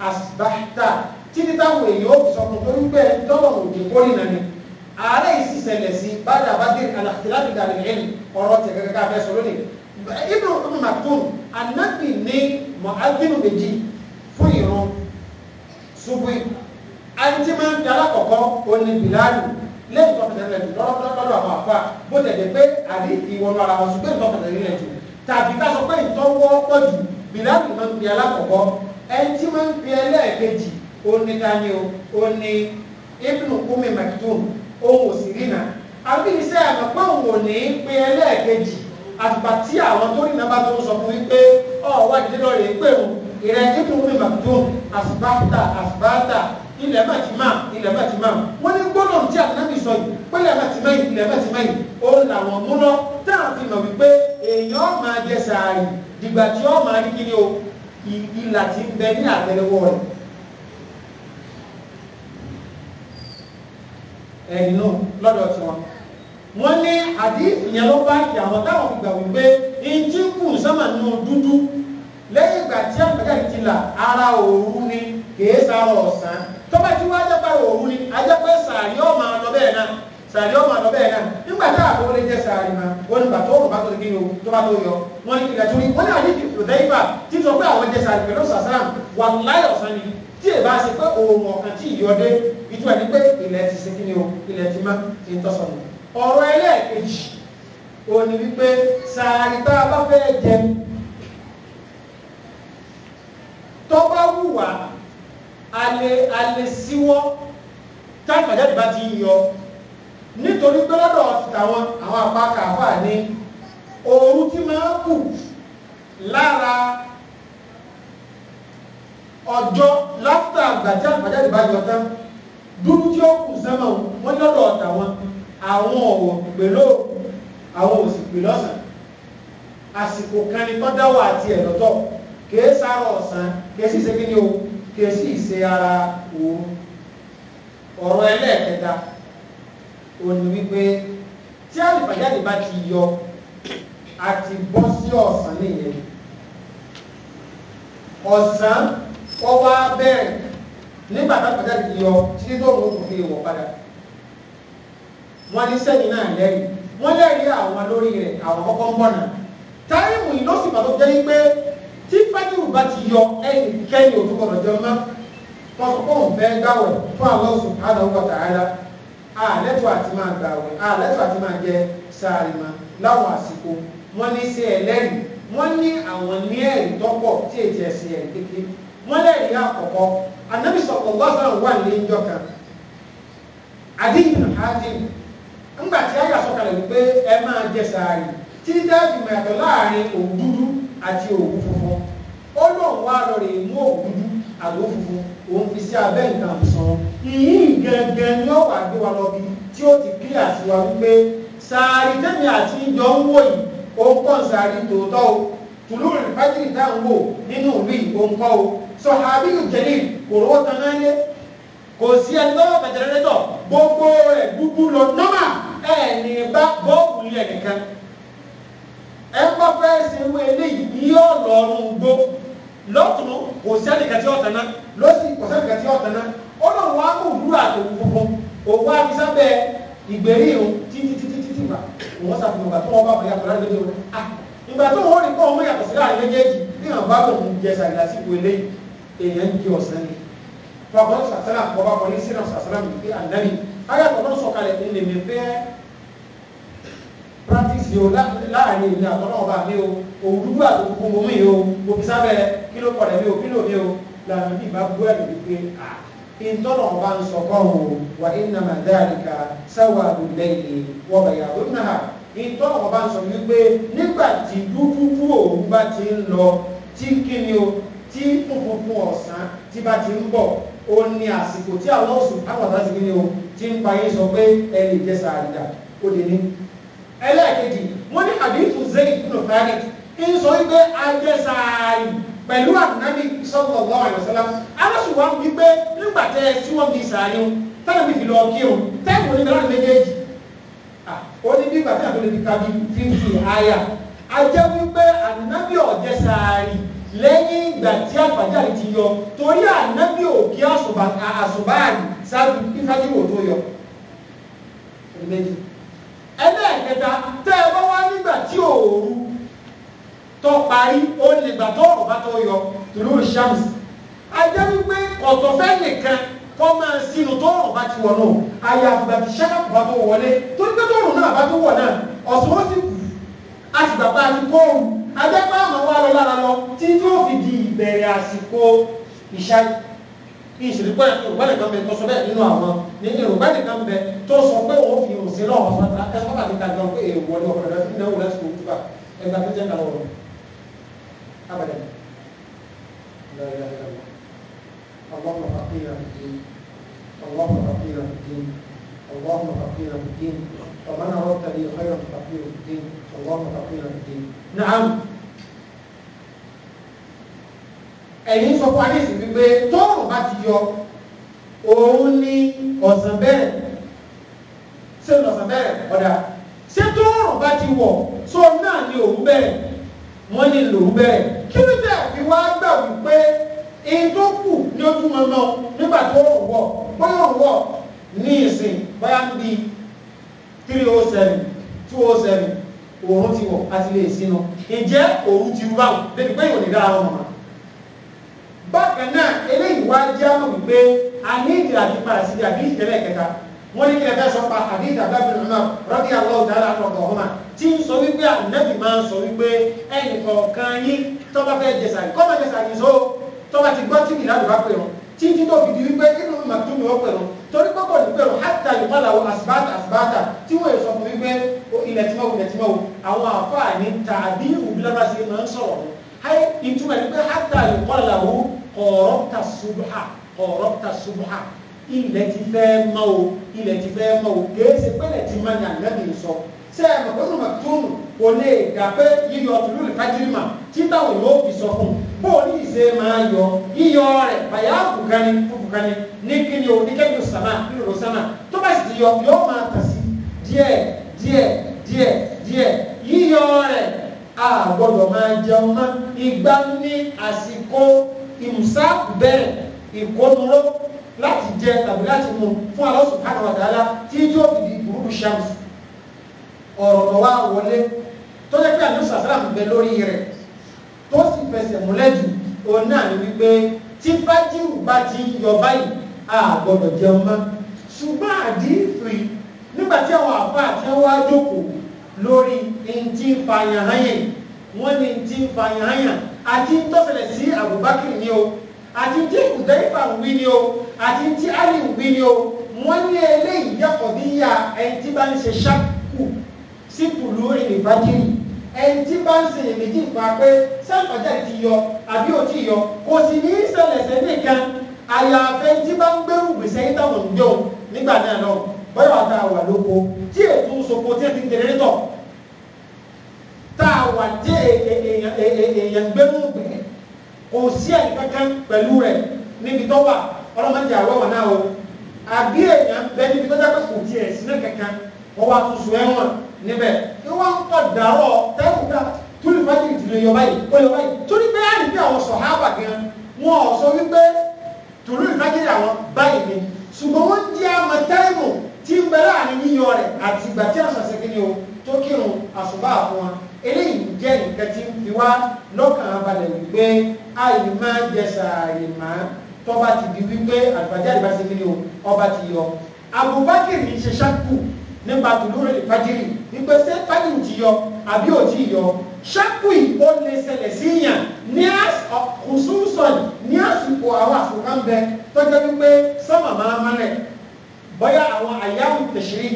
asbáhtà títí táwọn èèyàn ó sọ fún torí pé tọ́lọ̀ òjò kórì náà ni ààrẹ ìsì ṣẹlẹ̀ sí bàdà bàdé àlàkìláàbì dàrí ẹ̀yìn ọ̀rọ̀ tẹ̀ gẹ́gẹ́ ká fẹ́ sọ lónìí ibùn makdum anábì ní mọ̀ agbínú méjì fún ìran ṣubú àti máa ń di alákọ̀ọ́kọ́ òní bìláàlù lẹ́yìn tó fẹsẹ̀ lẹ́jù lọ́dọ̀ àwọn àfa bó tẹ̀lé pé àrí ìwọ̀n ara wọn ṣùgbọ́n ìtọ́ fẹsẹ̀ lẹ́jù tàbí ká sọ pé ìtọ́wọ́ pọ̀ jù bìláàlù máa ń di alákọ̀ọ́kọ́ ẹni tí máa ń di ẹlẹ́ẹ̀kejì òní dání o òní ibnu kumi maktum ohun òsì rínà àbí iṣẹ́ àmọ́ pé òun ò ní pe ẹlẹ́ẹ̀kejì àtùpà tí àwọn tó rìnà bá tó ń sọ fún wípé ọ̀ wá dídọ́ rèé òun ìrẹ́ ibnu kumi asibata asibata ilẹ̀ màtìmá ilẹ̀ màtìmá wọ́n ní gbọ́dọ̀ tí àtàlámì sọ yìí pé ilẹ̀ màtìmá yìí ilẹ̀ màtìmá yìí ó làwọn mú lọ tá a fi mọ̀ wípé èèyàn máa jẹ sàárì dìgbà tí ó máa rí kiri o ìlà ti ń bẹ ní àtẹ́lẹwọ́ rẹ̀. ẹ̀yìn náà lọ́dọ̀ tí wọn wọ́n ní àdífì yẹn ló bá kí àwọn táwọn fi gbà wípé ìjì kù sọ́mà nù dúdú lẹ́yìn ìgbà tí àgbàjáde ti là ara òru ni kèé sára ọ̀sán tọ́ba tí wọ́n á jẹ́ pariwo òru ni a jẹ́ pé sàárì ọmọ ọ̀nà bẹ́ẹ̀ náà sàárì ọmọ ọ̀nà bẹ́ẹ̀ náà nígbà tá àbọ̀ lè jẹ́ sàárì ma wọ́n ní bàtọ́ òrùn bá tó kí ni o tó bá tó yọ wọ́n ní ìgbà tó ní wọ́n ní àdé ìfòdà ìfà tí sọ pé àwọn jẹ sàárì pẹ̀lú sàsàm wà láyọ̀ ọ̀sán ni tí èbá ṣe pé òun ọ̀kan tí ìyọdé ìtú ẹni pé ilẹ̀ ti ṣe kí ni o ilẹ̀ ti má ti ń tọ́sọ̀ nù ọ̀rọ̀ ẹlẹ́ẹ̀kejì ó ní wípé sàárì tá a bá fẹ́ jẹ tọ́ wù wá alẹ́ síwọ́ táàkàjáde bá ti yọ nítorí pé lọ́dọ̀ tàwọn àwọn àpáka wà ní ooru tí máa kù lára ọjọ́ láfíà àgbàjá àgbàjáde bá yọ tán dúdú tí ó kù sẹ́mọ̀ wọ́n lọ́dọ̀ tàwọn àwọn ọ̀wọ̀ pẹ̀lú àwọn òsì pẹ̀lú ọ̀sán àsìkò kan ni tọ́dáwọ̀ àti ẹ̀rọ̀tọ̀ kìí sáárọ̀ ọ̀sán kìí sì ṣe kí ni o kèsì ìṣe ara òun ọ̀rọ̀ ẹlẹ́ẹ̀kẹta òní wípé tí àlùfàjáde bá ti yọ àti bọ́ sí ọ̀sán nìyẹn ọ̀sán ọwọ́ abẹ́rẹ̀ nígbà tàbí ti yọ títí tó rò kò fi wọ̀ padà wọ́n ní sẹ́yìn náà lẹ́rìí wọ́n lẹ́rìí àwọn lórí rẹ̀ àwọn kọ́kọ́ ń bọ̀nà táìmù yìí ló sì pàtó jẹ́ wípé tí fájìrì bá ti yọ ẹnì kẹ́yìn òtún fẹ́ fún Allah subhanahu wa àlẹ́tọ̀ àti máa àlẹ́tọ̀ àti máa jẹ sáàrìmà láwọn àsìkò wọ́n ní sí ẹlẹ́rìí wọ́n ní àwọn ní ẹ̀rí tọ́pọ̀ tí èjì ẹ̀sìn ẹ̀rí kékeré wọ́n lẹ́rìí àkọ́kọ́ wà ní ìjọ kan ńgbà tí àti òwú funfun ó lóun wá lọ rè mú òwú dú àló funfun òun fi sí abẹ́ nǹkan àbùsàn ìyín gangan ni ó wà gbé wa lọ bí tí ó ti kílíà sí wa wípé sàárì tẹ́mi àti ìjọ ń wò yìí òun kọ́ sàárì tòótọ́ o tùlù rìn fájìrì tá ń wò nínú ìlú yìí òun kọ́ o sọ àbíyù jẹ̀lì kò rówó tan náà lé kò sí ẹni lọ́wọ́ bẹ̀jẹ̀rẹ̀ lẹ́tọ̀ gbogbo ẹ̀ gbúgbú lọ nọ́mà ẹ̀ ní bá bọ́ọ̀lù yẹn nìkan ẹ ń bá fẹ́ ṣe wọ eléyìí yóò lọ́rùn gbó lọ́tùnú kò sẹ́nìkan tí ọ̀tàn náà lọ́sì kò sẹ́nìkan tí ọ̀tàn náà ó lọ wá mú òwúrọ̀ àtòwú funfun òwú àfisábẹ́ ìgbèrí ìhun títí títí títí wà wọ́n ṣàfihàn ìgbà tó wọ́n bá bàyà pẹ̀lú àgbẹ̀dẹ̀ wọn. ìgbà tó wọ́n rí pọ́ ọmọ yàtọ̀ sí láàrin méjèèjì ní àwọn bá bọ̀ ń jẹ sàgìlà sí ìwé lẹ́yìn èèyàn ń jẹ ọ̀sán ni. pàápàá sàṣẹ́nà bọ́bá kan ní sínú sàṣẹ́nà mi pé àndámi ayàtọ̀ náà sọ̀kalẹ̀ ní lèmi fẹ́ practice o láàrin ìlú àtọ́nà ọba mi o òun dúgbà tó gbogbo mo mi o mo fi sábẹ́ kí ló kọ̀dẹ̀ mi o kí ló mi o lànà bí ìbá bú wípé à ìtọ́nà ń sọ o wà iná mà dáàlìkà sáwà àbúlé ìlè wọ́n bẹ̀yà tó náà ìtọ́nà ọba ń sọ wípé nígbà tí dúdúdú òun bá ti ń lọ tí kí ni o tí funfun ọ̀sán tí bá ti ń bọ̀ ó ní àsìkò tí àwọn oṣù àwọn ẹlẹ́ẹ̀kejì wọ́n ní hadithu zayd ibn thabit ń sọ wípé ajẹ́sàárì pẹ̀lú ànábì sallallahu alaihi wasallam aláṣùwà wípé nígbà tẹ́ ẹ síwọ́n bí sàárì o tẹ́lẹ̀ mi fi lọ kí o tẹ́lẹ̀ mi ní bẹ̀rẹ̀ méjèèjì ó ní bí ìgbà tí àtúndì ti ka bí fífi àyà ajẹ́ wípé ànábì ọ̀jẹ́sàárì lẹ́yìn ìgbà tí àfàjáde ti yọ torí ànábì òkè àṣùbáàdì ṣáájú ìfájú òtó yọ ẹlẹ́ẹ̀kẹta tẹ́ ẹ bá wá nígbà tí òòrùn tó parí ó lè gbà tó ọ̀rọ̀ bá tó yọ tòlú shams ajá wípé ọ̀tọ̀ fẹ́ nìkan kọ́ máa sínú tó ọ̀rọ̀ bá ti wọ̀ náà àyà àgbà tí ṣáàpù bá tó wọlé torí pé tó ọ̀rọ̀ náà bá tó wọ̀ náà ọ̀sán ó sì kù àti bàbá àti kóòrù ajá pé àmọ́ wà lọ lára lọ tí yóò fi di ìbẹ̀rẹ̀ àsìkò ìṣáájú ìṣèlúpọ̀ ẹ̀kọ́ yorùbá nìkan bẹ tó sọ bẹ́ẹ̀ nínú àwọn ní yorùbá nìkan bẹ tó sọ pé òun fi òun sí lọ́wọ́ pátá ẹ sọ́kà ní kàgbọ́n pé èèwọ̀ ni ọ̀pẹ̀rẹ̀ fún ìnáwó láti kò túbà ẹgbà tó jẹ́ ìdáwọ̀ rẹ̀ abẹ́rẹ́ اللهم فقينا في الدين اللهم فقينا في الدين اللهم فقينا في الدين ومن أردت لي خيرا فقير في الدين اللهم فقينا في الدين نعم ẹ̀yin sọ fún wa ní ìsìn wípé tóòrùn bá ti yọ òun ni ọ̀sán bẹ̀rẹ̀ ṣé ọ̀sán bẹ̀rẹ̀ ọ̀dà ṣé tóòrùn bá ti wọ̀ tó náà ni òun bẹ̀rẹ̀ wọ́n ní lòun bẹ̀rẹ̀ kí ló dé àfi wá gbà wípé èyí tó kù ní ojú mọ́mọ́ nígbà tóòrùn wọ̀ tóòrùn wọ̀ ní ìsìn bóyá ń bi three oh seven two oh seven òun ti wọ̀ àti lè sínú ìjẹ́ òun ti rú báwọn débi pé ìwòlè dára wọn mọ̀ bákan náà eléyìí wá jẹ́ àmọ̀ wípé a ní ìdí àti padà sí ibi àbí ìdílé kẹta wọ́n ní kí ẹ fẹ́ sọ pa àbí ìdàgbà bí ọmọ rọ́bì aláwọ̀ dára àtọ̀tọ̀ ọ̀húnmá tí ń sọ wípé ànábì máa ń sọ wípé ẹnì kọ̀ọ̀kan yín tó bá fẹ́ jẹ sàrí kọ́mọ jẹ sàrí so tó bá ti gbọ́ tí kìlá lù bá pè wọn títí tó fi di wípé inú mi màtún mi wọ́n pè wọn torí pọ́pọ̀ ní pè wọn hátà ìpàlà wo àsìbáàtà àsìbáàtà tí wọ́n sọ fún wípé ilẹ̀ tí wọ́n ilẹ̀ tí wọ́n àwọn àfáà ní tàbí ìwúbílábàsí máa ń sọ̀rọ̀ wọn hayi ìtumọ̀ ní pé hátà ìkọlàwó kọ̀ọ̀rọ̀ta ṣubúhà kọ̀ọ̀rọ̀ta ṣubúhà ilẹ̀ ti fẹ́ mọ́ o ilẹ̀ ti fẹ́ mọ́ o kèése pẹ́lẹ̀ ti máa ní àgbẹ̀bì sọ ṣé ẹ mọ̀kọ́sọ̀ mọ̀tún kò lè dà pé yíyọ tìlú ìfájìrìmà títà òun ló fi sọ fún bó o ní ìṣe máa yọ yíyọ rẹ̀ bàyá àbùkání fúnfúnkání ní kíni o ní kẹ́kẹ́ sàmà nínú ló sàmà tó bá sì ti yọ yọ máa tà sí díẹ̀ díẹ̀ díẹ̀ díẹ̀ yíyọ rẹ̀ a gbọ́dọ̀ máa jẹun mọ́ ìgbà ní àsìkò ìmùsá bẹ̀rẹ̀ ìkónúró láti jẹ tàbí láti mu fún Allah subhanahu wa ta'ala tí yóò fi di burúkú shams ọ̀rọ̀ tó wá wọlé tó yẹ pé àdúrà sàrà ń bẹ lórí rẹ̀ tó sì fẹsẹ̀ múlẹ̀ jù òun náà ni wípé tí fájìrù bá ti yọ báyìí a gbọ́dọ̀ jẹun mọ́ ṣùgbọ́n àdífì nígbà tí àwọn àfáà tí wọ́n wá jókòó lórí ní ti ń fa yàn hàn yẹn wọ́n ní ti ń fa yàn hàn yàn àti tọ́sẹ̀lẹ̀ sí Abubakar ni o àti tí Hudayfa ń wí ni o àti tí Ali ń wí ni o wọ́n ní eléyìí yàtọ̀ bí ya ẹni tí bá ń ṣe ṣáàkù sí pùlù ìnìbájírì ẹni tí bá ń ṣe èméjì nípa pé sáǹfàjà ti yọ àbí ò ti yọ kò sì ní í ṣẹlẹ̀ sẹ́yìn kan àyàfẹ́ tí bá ń gbẹ́rù gbèsè yín táwọn ń nígbà náà lọ bọ́yọ̀ àtàwà lóko tí ètò ìsopọ̀ tí ẹ ti ń tẹ̀lé tọ̀ wà jẹ́ èèyàn gbẹ́mú bẹ́ẹ̀ kò sí àyè kankan pẹ̀lú rẹ̀ níbi tó wà ọlọ́mọdé àwọ̀ wà náà o àbí èèyàn bẹ́ẹ̀ níbi tó jẹ́ pé kò tiẹ̀ sí náà kankan wọ́n wá tutù ẹ̀wọ̀n níbẹ̀ kí wọ́n tọ̀ dàrọ̀ tẹ́wùká túlù fájìlì tìlú yọ báyìí ó yọ báyìí torí pé àyè bí àwọn sọ̀hábà gan wọn ò sọ wípé tùlù fájìlì àwọn báyìí ni ṣùgbọ́n wọ́n jẹ́ àmọ́ táìmù tí ń bẹ láàrin yíyọ rẹ̀ àti ìgbà tí àṣàṣe kí ni o tó kírun àṣùbà fún wa eléyìí jẹ́ nǹkan tí ń fi wá lọ́kàn abalẹ̀ wípé àyè máa jẹ sàárè máa tọ́ba ti di wípé àlùfájàre bá ṣe kí ni o ọba ti yọ Abubakar ń ṣe ṣáàkù nípa tòlúrò ìfájìrì wípé ṣé fájìrì ti yọ àbí ò tí ì yọ ṣáàkù yìí ó lè ṣẹlẹ̀ síyàn ní kùsùsọ̀nì ní àsìkò àwọn àsìkò kan bẹ tọ́jú wípé sọ́mà máa mọ́lẹ̀ bóyá àwọn àyáwò tẹ̀sírí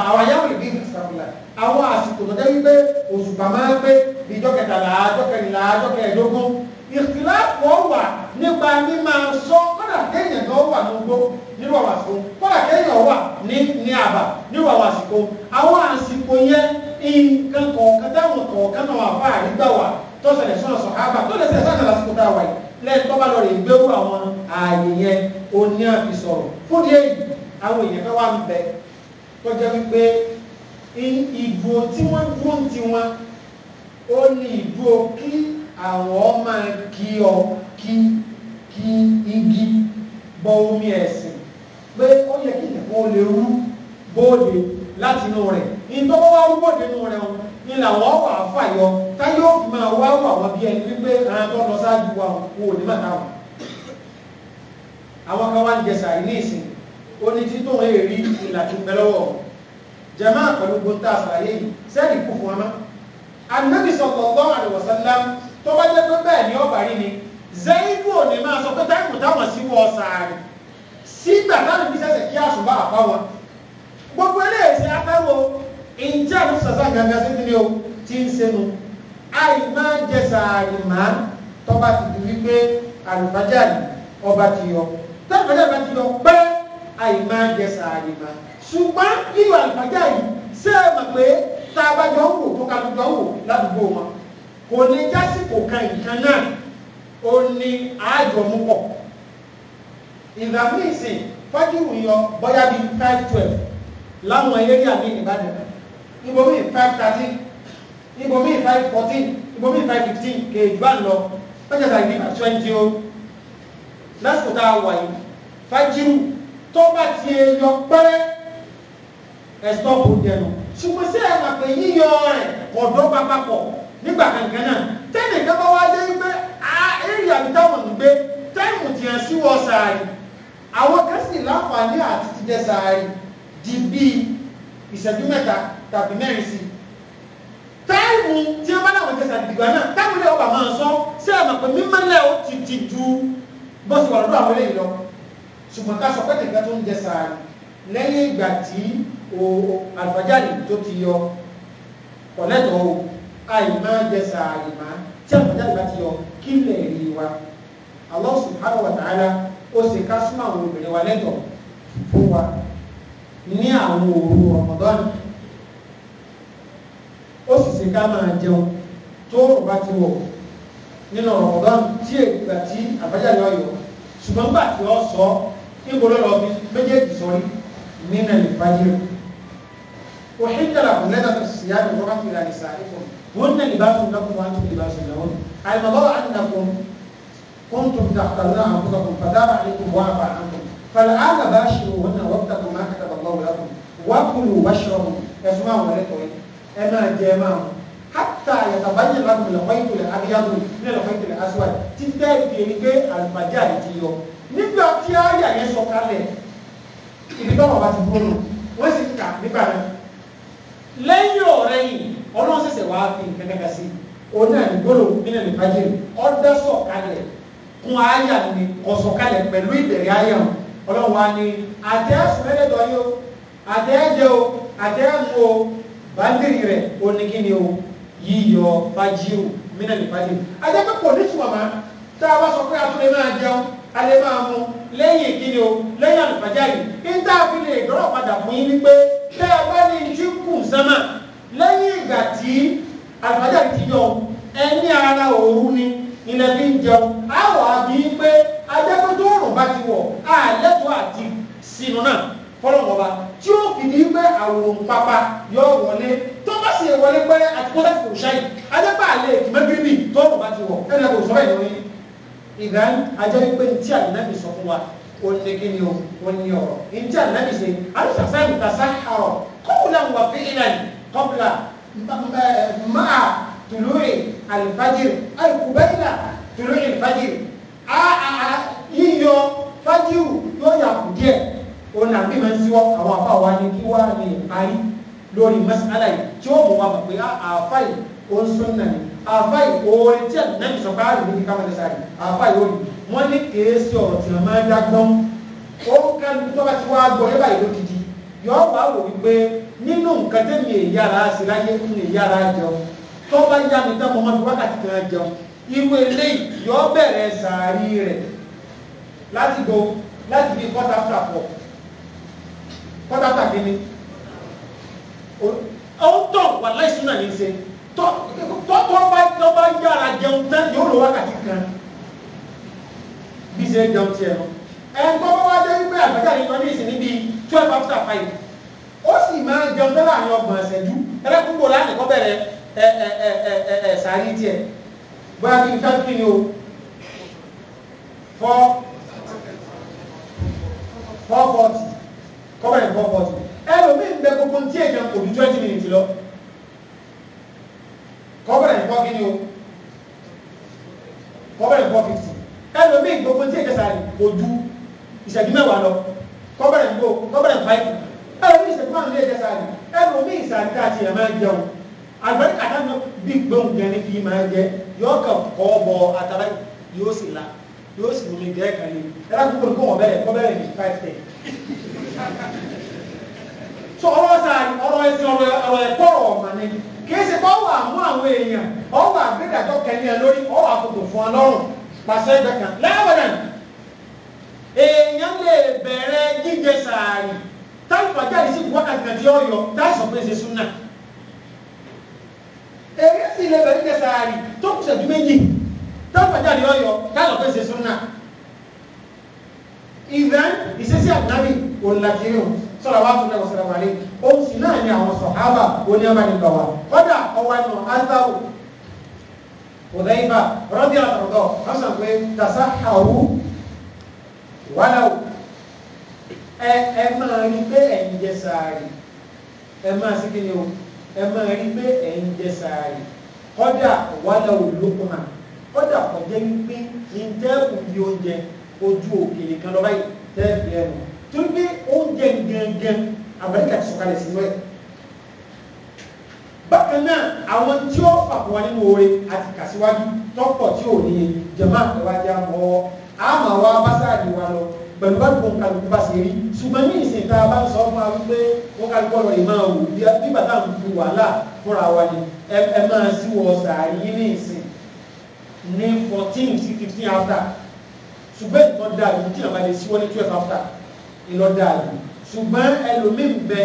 àwọn àyáwò ìbí ìsàkùnlá àwọn àsìkò tó jẹ́ wípé òṣùpá máa ń gbé bí ijọ́ kẹtàlá ijọ́ kẹrìnlá ijọ́ kẹẹ̀ẹ́dógún ìkìlá pọ̀ wà nípa mímọ̀ sọ kọ́dà kéèyàn kan wà lógbó nínú àwọn àsìkò kọ́dà kéèyàn wà ní ní àbà nínú àwọn àsìkò àwọn àsìkò yẹn nǹkan kọ̀ọ̀kan táwọn kọ̀ọ̀kan náà wà fáà nígbà wà tó ṣẹlẹ̀ sọ́nà sọ̀hábà tó lè ṣẹlẹ̀ sọ́nà lásìkò tá a wà yìí lẹ́yìn tó bá lọ rè gbérú àwọn ààyè yẹn oní àfi sọ̀rọ̀ fúnni èyí àwọn èèyàn kan wà ń bẹ tó jẹ́ wípé ìdúró tí wọ́n dúró ti wọn ó ní ìdúró kí àwọn máa kí ọ kí kí igi bọ omi ẹ̀sìn pé ó yẹ kí ìyẹ̀kọ́ lè rú bóde láti inú rẹ̀ ìtọ́wọ́ wá rúbọ̀ nínú rẹ̀ o ni làwọn wà á fàyọ táyọ̀ fi máa wá wà wọ́n bí ẹni wípé àwọn tó lọ sáájú wa wò ní màtá wọn. àwọn kan wá ń jẹsà ní ìsìn oní títò èrí ìlà ti bẹ lọ́wọ́ jama pẹ̀lú gbóntà àṣàyè yìí sẹ́ẹ̀dì kú fún ọmọ. Ànábì sallallahu alaihi wasallam tó bá jẹ́ pé bẹ́ẹ̀ ni ọ̀bà rí ni Zayidu ò ní máa sọ pé táìmù táwọn sí wọ ọ̀sàárì sígbà táwọn ibi kí àṣùbà àpá wọn gbogbo eléyìí akárò ìjà ló sàṣà gàgà sí kíni o tí ń sẹnu àì máa jẹ sàárì máa tọ́ba ti di wípé àlùfájà ọba ti yọ tọ́lùfájà ọba ti yọ pẹ́ àì máa jẹ sàárì máa ṣùgbọ́n yíyọ àlùfájà yìí ṣé ẹ mọ̀ pé tá a bá jọ ń wò tó ká jọ ń wò ládùúgbò wọn kò ní jásìkò kan nǹkan náà ó ní àjọmú pọ̀ ìgbà míì sìn fájú yọ bóyá bíi five twelve láwọn eré àmì ìbàdàn ibòmí five thirty ibòmí five fourteen ibòmí five fifteen kèèjì bá ń lọ pẹ́jẹ́ sàgbé àti twenty o lásìkò tá a wà yìí fájírù tó bá ti e yọ pẹ́rẹ́ ẹ̀sọ́ kò dẹnu ṣùgbọ́n sí ẹ̀rọ pé yíyọ rẹ̀ ọ̀dọ́ papapọ̀ nígbà kankan náà tẹ́nì kan bá wá dé pé èrè àbí táwọn ń gbé táìmù tiẹ̀ sí wọ sàárì àwọn kan sì láǹfààní àti ti jẹ sàárì di bíi ìṣẹ́jú mẹ́ta tàbí mẹ́rin sí táìmù tí wọ́n bá láwọn tẹ̀sà dìgbà náà táìmù lẹ́wọ́ bá máa sọ sí àmọ̀ pé mímọ́lẹ̀ ó ti ti ju bó ti wà lọ́dọ̀ àwọn eléyìí lọ ṣùgbọ́n ká sọ pé kẹ̀kẹ́ tó ń jẹ sàárì lẹ́yìn ìgbà tí àlùfájàrí tó ti yọ ọ̀lẹ́tọ̀ o àì máa jẹ sàárì má tí àlùfájàrí bá ti yọ kí lè rí wa Allah subhanahu wa ta'ala ó sì ká súnmọ́ àwọn obìnrin wa lẹ́tọ̀ fún wa ní àwọn òru Ramadan ó sì ṣe ká máa jẹun tó rọ̀ bá ti wọ̀ nínú Ramadan tí ìgbà tí àbájáde ọyọ ṣùgbọ́n gbà tí ó sọ níbo ló lọ bí méjèèjì sọrí nínú ìbájú وحين لهم ليلة الصيام الرغم إلى نسائكم هن لباس لكم وأنتم لباس لهن المضاء أنكم كنتم تختارون أنفسكم فتاب عليكم وعفى عنكم فالآن باشروهن وابتغوا wákùnrin wáṣọ́rọ̀ ẹ̀fún àwọn ẹlẹ́tọ̀ọ́ yìí ẹ máa jẹ ẹ máa hátà yàtàbáyé lágùn lọ́kọ́ ìtòlẹ̀ abíyáwó ní lọ́kọ́ ìtòlẹ̀ aṣọ́wà ti tẹ́ẹ̀rì fi ẹni pé àlùfàjà ìdí yọ nígbà tí àyà yẹn sọ kalẹ̀ ìdí báwọn bá ti gbóná wọ́n sì kà nígbà náà lẹ́yìn ọ̀rẹ́ yìí ọlọ́run ṣẹ̀ṣẹ̀ wá fi nǹkan kankan sí òun náà ní gbóná nínú ìfàjẹ́ ọ̀dá sọ̀ kalẹ̀ kun àyà ni kọ̀sọ̀ kalẹ̀ pẹ̀lú ìbẹ̀rẹ̀ àyà ọlọ́run wa ni àtẹ́ àsùnmẹ́lẹ́dọ̀ yóò àtẹ́jẹ́ o àtẹ́mú o bátìrì rẹ̀ ó ní kí ni o yíyọ fájírù mínà ní fájírù ajẹ́pẹ́pọ̀ nítumọ̀ máa tá a bá sọ pé a máa jẹun a máa mu lẹ́yìn kí ni o lẹ́yìn àlùfájárì níta fi lè dọ́rọ̀ padà fún yín wípé tẹ́ ẹ bá ní tí kù sánmà lẹ́yìn ìgbà tí àlùfájárì ti yọ ẹni ara òru ni ilẹ̀ fi ń jẹun á wà á bí pé ajẹ́pẹ́ tó rùn bá ti wọ̀ á lẹ́tọ̀ọ́ àti sínú náà fọlọ́wọ́n ba tí ó fi ní pé àwòrán pápá yọ wọlé tó bá sì wọlé pé àtikọ́tà kò ṣáì adẹ́pà àlẹ́ ìmẹ́gírínì tó ọ̀rùn bá ti wọ̀ ẹ̀rẹ́ kò sọ́bẹ̀ lórí ìgbàn ajẹ́ wípé ní tí ànábì sọ fún wa ó ní kí ni o ó ní ọ̀rọ̀ ní tí ànábì ṣe àlùsàṣà ìtàṣà àrọ̀ kọ́kùnlá wà fi ìlànà kọ́kùnlá máa tùlùrì àlùfájìrì àìkùbẹ́yìnà tùlùrì àlùfájìrì yíyọ fájìrì yóò yà díẹ̀ òun náà bí máa ń síwọ́ àwọn àfa wa ni kí wá ní parí lórí mas'ala yìí tí ó mú wa mọ̀ pé ah, àfa yìí ó ń sún náà ni àfa yìí oore tí ànábì sọ pé àrùn ah, níbi kámẹ́lì sáré àfa yìí ó rí wọ́n ní kèésì ọ̀rọ̀ tí wọ́n máa ń dágbọ́n ó kálukú tó bá ti wá gbọ́ yẹ́ báyìí lókìdí yọ wá wò wípé nínú nǹkan tẹ́mi èyára sí láyé fún èyára jẹun tó bá yá mi tán mo máa fi wákàtí kan jẹun irú eléyìí yọ bẹ̀rẹ̀ sàárì rẹ̀ láti go láti bí quarter after pátátà kíní ó tọ̀ wà láìsí náà ní í ṣe tọ́tọ́ bá tọ́ bá yára jẹun tán yóò lọ wákàtí kan bí ṣe ń jẹun tiẹ̀ lọ ẹ̀gbọ́n bá wá dé wípé àgbàjáde lọ ní ìsìn níbi twelve after five ó sì máa jẹun tán láàrin ọgbọ̀n ìṣẹ́jú ẹlẹ́kùnbó láàrin kọ́ bẹ̀rẹ̀ ẹ ẹ ẹ ẹ ẹ sàárì tiẹ̀ bóyá kí n fẹ́ kí ni o four four forty kọ́bà yẹn four forty ẹlòmíì ń bẹ gbogbo ní tí èèyàn kò ní twenty minutes lọ kọ́bà yẹn four kí ni o kọ́bà yẹn four fifty ẹlòmíì gbogbo ní tí èèyàn sáré kò ju ìṣẹ́jú mẹ́wàá lọ kọ́bà yẹn go kọ́bà yẹn five ẹlòmíì ìṣẹ́jú márùn ní èèyàn sáré ẹlòmíì ìsáré tá a ti yẹn máa jẹun àgbẹ̀ríkà náà bí gbóhùn gan ni fi máa jẹ yóò kàn kọ́ bọ àtàlẹ́ yóò sì la yóò sì lómi gẹ́ẹ̀kan ni ẹlẹ́kùnkùn kò wọ́n bẹ̀rẹ̀ kọ́ bẹ̀rẹ̀ ní five ten so ọ̀rọ̀ sáà ọ̀rọ̀ ẹ̀sìn ọ̀rọ̀ ọ̀rọ̀ ẹ̀kọ́ ọ̀rọ̀ ọ̀mà ni kì í ṣe pé ọwọ́ àmú àwọn èèyàn ọwọ́ àgbédàjọ kẹ́ni ẹ̀ lórí ọwọ́ àkókò fún ọ lọ́rùn pàṣẹ ẹgbẹ́ kan lẹ́wọ̀n èèyàn lè bẹ̀rẹ̀ jíjẹ sàárì táwọn àjáde sí wákàtí kan tí ó yọ dáìsàn pé ṣe súnà èèyàn sì lè bẹ̀rẹ̀ jíjẹ sàárì tó kù ṣẹ́jú táwọn àjáde ó yọ dáìsàn pé ṣe súnà. Even, ìṣesí ànábì olùlàkiri o sọlá wa tún lẹkọọ sọlá wa lé ohun sì náà ni àwọn sọhábà oní abánibà wa kódà ọwọ́ nù azáwò òdáyìnbá rọ́bì àtọ̀rọ̀dọ̀ wọ́n sọ pé tàṣà àwù wàláwù ẹ ẹ máa rí pé ẹ̀ ń jẹ sàárì ẹ máa sí kíni o ẹ máa rí pé ẹ̀ jẹ sàárì kódà wàláwù lókùnà kódà kọjá wípé ìjẹ́kùn bí oúnjẹ ojú òkè nìkan lọ báyìí tẹ́ẹ̀bì ẹnu tó ń gbé oúnjẹ gangan àmẹ́ríkà ti sọ̀kalẹ̀ sínú ẹ̀ bákan náà àwọn tí ó fàkùn wa nínú oore àti kàsíwájú tọ́pọ̀ tí ò ní jẹ̀mọ́ àtẹ̀wájá mọ́ àmà wa bá wa lọ pẹ̀lú bá gbọ́n kálukú bá ṣe rí ṣùgbọ́n ní ìsìn tá a bá ń sọ fún wa wípé wọ́n kálukú ọ̀rọ̀ yìí máa wò bí bàtà ń fi wàhálà fúnra wa ni ẹ máa sí wọ ní ìsìn ní fourteen sí fifteen after ṣùgbọ́n nǹkan dáa ju tí àbá lè síwọ́ ní twelve after ìlọ dáa ju ṣùgbọ́n ẹlòmíì bẹ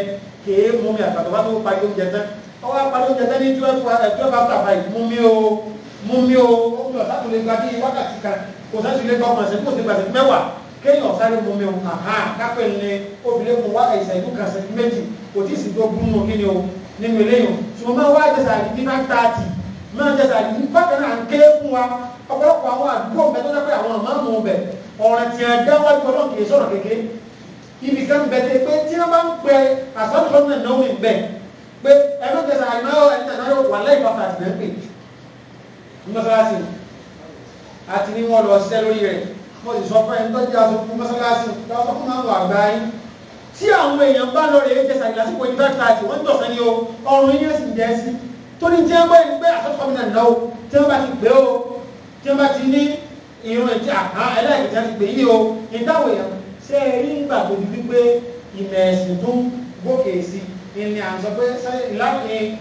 kèé mú mi àtàtà bá tó parí oúnjẹ tán ọwọ́ parí oúnjẹ tán ní twelve eh, after five mú mi o mú mi o ó ń lọ sátúlé gba bí wákàtí kan kò sátúlé gba ọmọ ìsìnkú ti gbàsẹ̀ mẹ́wàá kéèyàn sáré mú mi o àhá kápẹ́ ní obìnrin kan wá ẹ̀sẹ̀ ìlú kan sẹ́ńtì méjì kò tí ì sì tó gún mọ́ kí ni o nínú eléyìí ṣùgbọ́n máa wá jẹ́sà àdìdí máa ń tààtì máa jẹ́sà àdìdí bákan náà ń ké fún wa ọ̀pọ̀lọpọ̀ àwọn àdúgbò ń bẹ tó dápẹ́ àwọn ọ̀mọ́ mú bẹ ọ̀rẹ́ tí a dá wájú ọlọ́run kìí sọ̀rọ̀ kéke ibi kan bẹ tẹ pé tí wọ́n bá ń pẹ àsọ́nùsọ́nù náà náwó bẹ pé ẹgbẹ́ tẹ̀sán àìmọ́ ẹ̀ńtẹ̀ náà yóò wà lẹ́yìn pàtàkì náà pè mọ́sálásì àti ní wọ́n lọ ṣiṣẹ́ lórí rẹ̀ mo sì sọ fún ẹni tọ́jú aṣojú mọ́sálásì lọ́sọ fún àwọn àgbà yín tí àwọn èèyàn bá lọ rè é tẹ̀sán ìlàsìkò ní five thirty wọ́n ń tọ̀sán ní o ọrùn yín sì ń jẹ́ sí torí tí wọ́n gbé àsọ́nùsọ́nù náà náwó tí wọ́n bá ti gbé o tí wọ́n bá ti ní irun ẹ̀jẹ̀ àkàn ẹlẹ́ẹ̀kẹta ti pè yí o ìtawọ̀ èèyàn ṣé rí ń gbà tó di wípé ìmọ̀ ẹ̀sìn tó gòkè sí ìní à ń sọ pé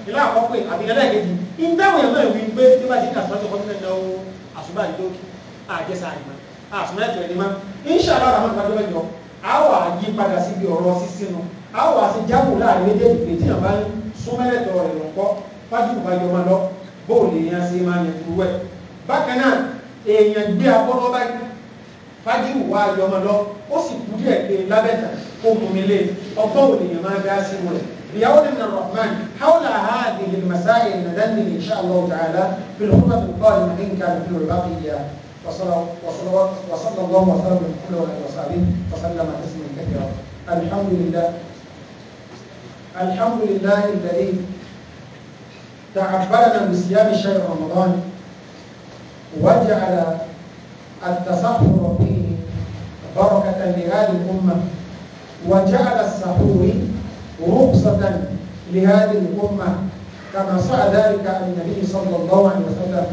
ìlà àkọ́pẹ́ àbí ẹlẹ́ẹ̀kejì ìtawọ̀ èèyàn náà wí pé tí wọ́n bá ti ń kàṣọ́ ọkọ̀ sílẹ̀ lọ àṣùbà ìdókì àjẹsà àyìnbá àṣùmọ̀ ẹ̀tọ́ ẹ̀dínmá ìṣàlá àwọn àgbàdo ẹ̀jọ́ a wà yí padà síbi ọ̀rọ̀ sísínu a wà sí jáwò láàrin méjèèjì pé tí wọ́n bá ń súnmẹ́lẹ̀tọ̀ rẹ̀ lọ́pọ̀ fájú ìbájọ́ máa lọ bóòlù bákan náà èèyàn gbé abọ́dọ́ báyìí fájìrì wá yọmọ lọ ó sì kú díẹ̀ pé lábẹ́ta ó mú mi lé ọgbọ́n ònìyàn máa dá sí wọn. بيقول من الرحمن حول هذه المسائل ندندن ان شاء الله تعالى في الخطب القادمه ان كان في البقيه وصلى الله وسلم على اله وصحبه وسلم تسليما كثيرا الحمد لله الحمد لله الذي تعبدنا بصيام شهر رمضان وجعل التسحر فيه بركة لهذه الأمة وجعل السحور رخصة لهذه الأمة كما سعى ذلك عن النبي صلى الله عليه وسلم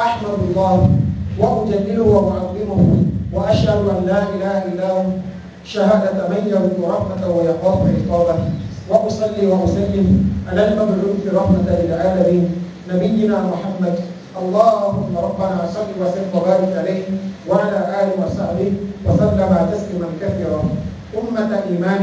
أحمد الله وأجلله وأعظمه وأشهد أن لا إله إلا هو شهادة من يرد رحمة ويخاف عقابا وأصلي وأسلم على المبعوث رحمة للعالمين نبينا محمد اللهم ربنا صل وسلم وبارك عليه وعلى آله وصحبه وسلم تسليما كثيرا أمة إيمان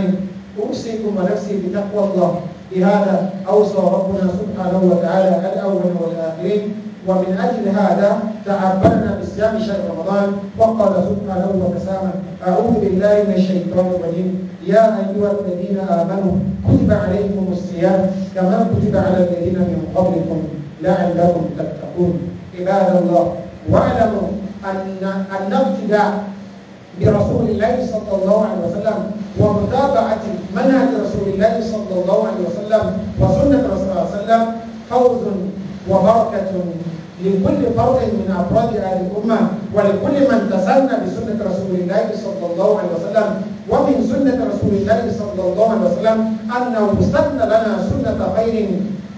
أوصيكم ونفسي بتقوى الله بهذا أوصى ربنا سبحانه وتعالى الأول والآخرين ومن أجل هذا تعبدنا بصيام شهر رمضان وقال سبحانه وتسامى أعوذ بالله من الشيطان الرجيم يا أيها الذين آمنوا كتب عليكم الصيام كما كتب على الذين من قبلكم لعلكم تتقون عباد الله واعلموا ان الاقتداء برسول الله صلى الله عليه وسلم ومتابعه منهج رسول الله صلى الله عليه وسلم وسنه رسول الله صلى الله عليه وسلم فوز وبركه لكل فرد من افراد هذه الامه ولكل من تسنى بسنه رسول الله صلى الله عليه وسلم ومن سنه رسول الله صلى الله عليه وسلم انه سن لنا سنه خير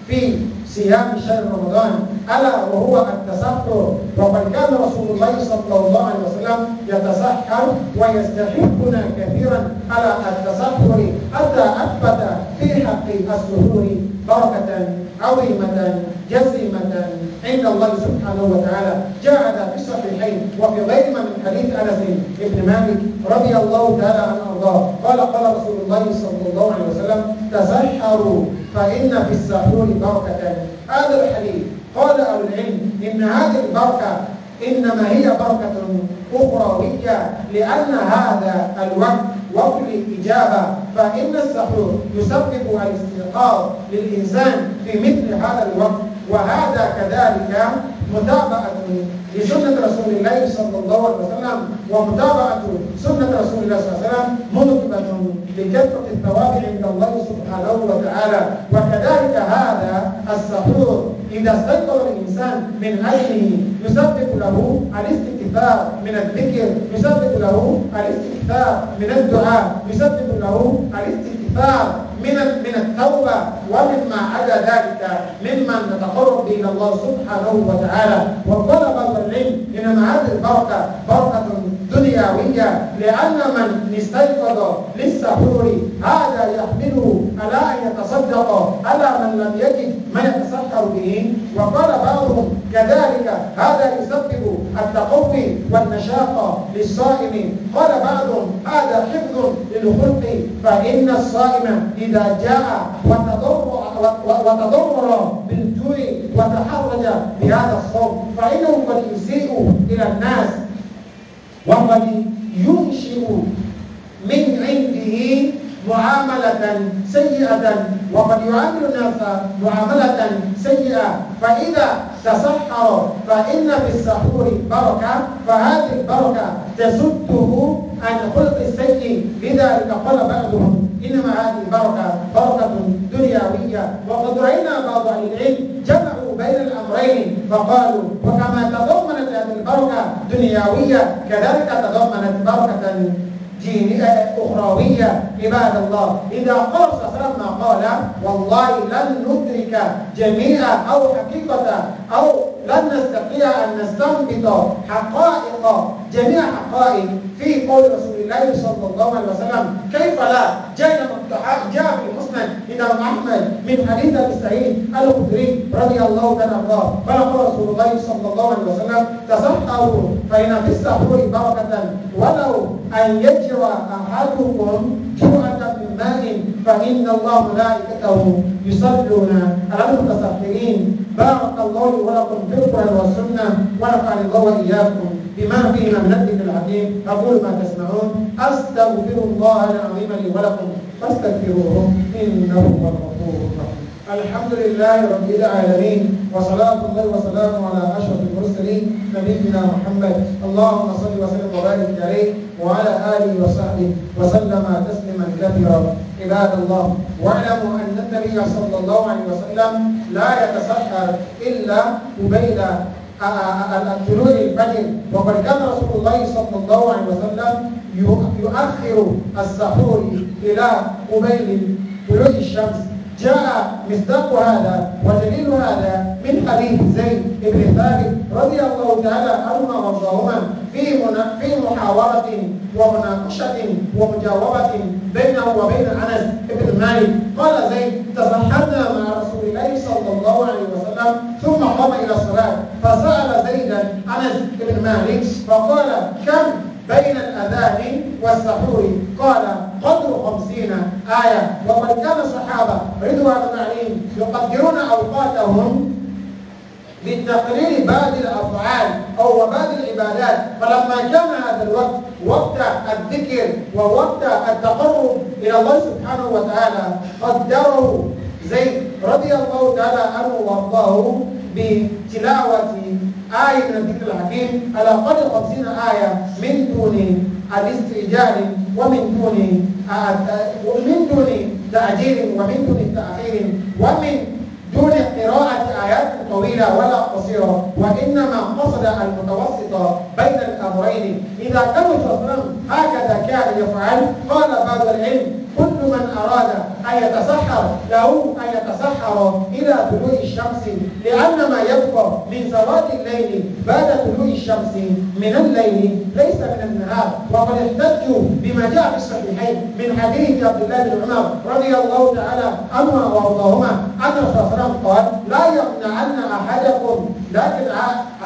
في صيام شهر رمضان ألا وهو التسحر وقد كان رسول الله صلى الله عليه وسلم يتسحر ويستحبنا كثيرا على التسحر حتى أثبت في حق السحور بركة عظيمة جسيمة عند الله سبحانه وتعالى جعل في الصحيحين وفي غيرهما من حديث أنس بن مالك رضي الله تعالى عنه وأرضاه قال قال رسول الله صلى الله عليه وسلم تسحروا فإن في السحور بركة هذا الحديث قال أهل العلم إن هذه البركة إنما هي بركة أخروية لأن هذا الوقت وقت الإجابة فإن السحور يسبب الاستيقاظ للإنسان في مثل هذا الوقت وهذا كذلك متابعة لسنة رسول الله صلى الله عليه وسلم ومتابعة سنة رسول الله صلى الله عليه وسلم موجبة لكثرة الثواب عند الله سبحانه وتعالى وكذلك هذا السحور إذا استيقظ الإنسان من اجله يسبب له الاستكثار من الذكر يسبب له الاستكثار من الدعاء يسبب له الاستكثار الاستغفار من من التوبة ومما عدا ذلك ممن نتقرب إلى الله سبحانه وتعالى بعض العلم إنما هذه البركة بركة دنيوية لأن من استيقظ للسحور هذا يحمله الا أن يتصدق على من لم يجد ما يتسحر به وقال بعضهم كذلك هذا يسبب التقوي والنشاقة للصائم قال بعضهم هذا حفظ للخلق فإن الصائم إذا جاء وتضرع بالجوع وتحرج بهذا الصوم فإنه قد يسيء إلى الناس وقد ينشئ من عنده معاملة سيئة وقد يعامل الناس معاملة سيئة فإذا تسحر فإن في السحور بركة فهذه البركة تسده عن خلق السيء لذلك قال بعضهم إنما هذه البركة بركة دنيوية وقد رأينا بعض أهل العلم جمعوا بين الأمرين فقالوا وكما تضمنت هذه البركة دنيوية كذلك تضمنت بركة دينية أخروية عباد الله إذا قال صلى الله قال والله لن ندرك جميع أو حقيقة أو لن نستطيع أن نستنبط حقائق جميع حقائق في قول رسول الله صلى الله عليه وسلم كيف لا جاء جاء في المسند من أحمد من حديث أبي سعيد الخدري رضي الله تعالى عنه قال قال رسول الله صلى الله عليه وسلم تصحوا فإن في السحور بركة ولو أن يجرى أحدكم جوعة من ماء فإن الله ملائكته يصلون على المتصفرين بارك الله ولكم في القرآن والسنة ونفعني الله وإياكم بما فيهما من الذكر العظيم أقول ما تسمعون أستغفر الله العظيم لي ولكم فاستغفروه إنه هو الغفور الرحيم الحمد لله رب العالمين وصلاة الله وسلامه على أشرف المرسلين نبينا محمد اللهم صل وسلم وبارك عليه وعلى آله وصحبه وسلم تسليما كثيرا عباد الله واعلموا أن النبي صلى الله عليه وسلم لا يتسحر إلا قبيل طلوع الفجر وقد كان رسول الله صلى الله عليه وسلم يؤخر السحور إلى قبيل طلوع الشمس جاء مصداق هذا ودليل هذا من حديث زيد بن ثابت رضي الله تعالى عنهما وارضاهما في في محاورة ومناقشة ومجاوبة بينه وبين أنس بن مالك قال زيد تصحبنا مع رسول الله صلى الله عليه وسلم ثم قام إلى الصلاة فسأل زيدا أنس بن مالك فقال كم بين الأذان والسحور قال قدر خمسين آية وقد كان الصحابة رضوان عليهم يقدرون أوقاتهم للتقرير بعد الافعال او بعد العبادات فلما كان هذا الوقت وقت الذكر ووقت التقرب الى الله سبحانه وتعالى قدره زيد رضي الله تعالى عنه وارضاه بتلاوه آية من الذكر الحكيم على قدر خمسين آية من دون الاستئجار ومن دون ومن دون تأجيل ومن دون تأخير ومن دون قراءة آيات طويلة ولا قصيرة وإنما قصد المتوسط بين الأمرين إذا كان الرسول هكذا كان يفعل قال بعض العلم كل من أراد أن يتسحر له أن يتسحر إلى طلوع الشمس لأن ما يبقى من زوال الليل بعد طلوع الشمس من الليل ليس من النهار وقد احتجوا بما جاء في الصحيحين من حديث عبد الله بن عمر رضي الله تعالى عنه وارضاهما أن الرسول صلى الله عليه وسلم قال لا يمنعن أحدكم لكن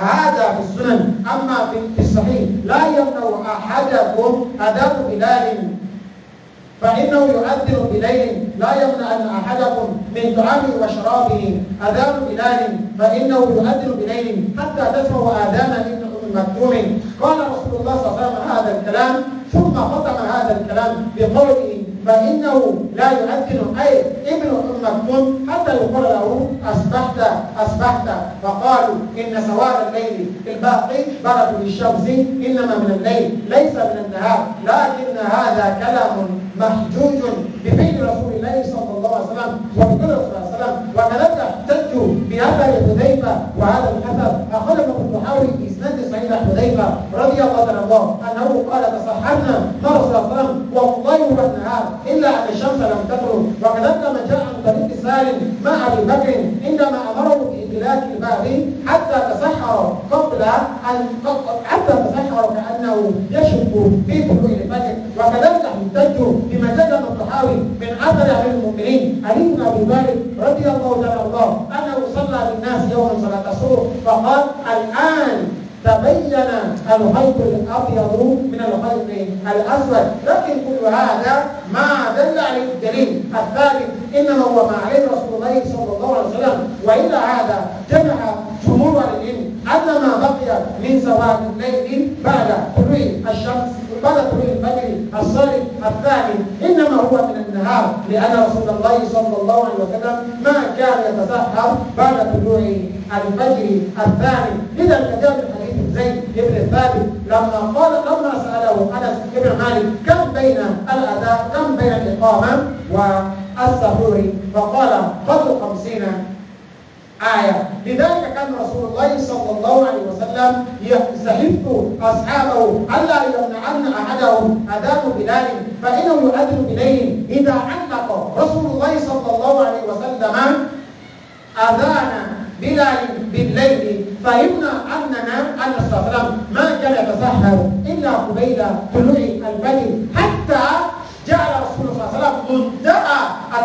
هذا في السنن أما في الصحيح لا يمنع أحدكم أداء بلال فإنه يؤذن بليل لا يمنعن أحدكم من طعامه وشرابه أذان بلال فإنه يؤذن بليل حتى تسمع آذان ابن أم مكتوم قال رسول الله صلى الله عليه وسلم هذا الكلام ثم ختم هذا الكلام بقوله فإنه لا يؤذن أي ابن ام مكتوم حتى يقول له أصبحت أصبحت فقالوا إن سواد الليل الباقي برد للشمس إنما من الليل ليس من النهار لكن هذا كلام محجوج بفعل رسول الله صلى الله عليه وسلم وبقول رسول الله صلى الله عليه وسلم وكذلك بأثر حذيفة وهذا الحسب أخذ ابن في بإسناد سعيد حذيفة رضي الله عنه أنه قال تصحبنا ما رسول والله ما نعاه إلا أن الشمس لم تطلع وكذلك من جاء عن طريق سالم مع أبي بكر عندما أمره بلا كلباب حتى تسحر قبل أن حتى تسحر كأنه يشك في طلوع الفجر وكذلك يحتج بما تقدم الطحاوي من أثر أهل المؤمنين علي بن أبي طالب رضي الله تعالى عنه أنه صلى بالناس يوما صلاة الصبح فقال الآن تبين الخيط الابيض من الخيط الاسود لكن كل هذا ما دل عليه الدليل الثالث انما هو ما عليه رسول الله صلى الله عليه وسلم والا هذا جمع جمهور العلم ان ما بقي من زوال الليل بعد طلوع الشمس انطلقوا من الصارم الثاني إنما هو من النهار لأن رسول الله صلى الله عليه وسلم ما كان يتسحر بعد طلوع الفجر الثاني إذا كتاب الحديث زيد بن ثابت لما قال لما سأله أنس بن مالك كم بين الاداء كم بين الإقامة والسحور فقال خطو خمسين آية لذلك كان رسول الله صلى الله عليه وسلم يستحب أصحابه ألا يمنعن أحدهم أذان بلال فإنه يؤذن إليهم إذا علق رسول الله صلى الله عليه وسلم أذان بلال بالليل فهمنا أننا أن الصلاة ما كان يتسحر إلا قبيل طلوع الفجر حتى جعل رسول الله صلى الله عليه وسلم منتهى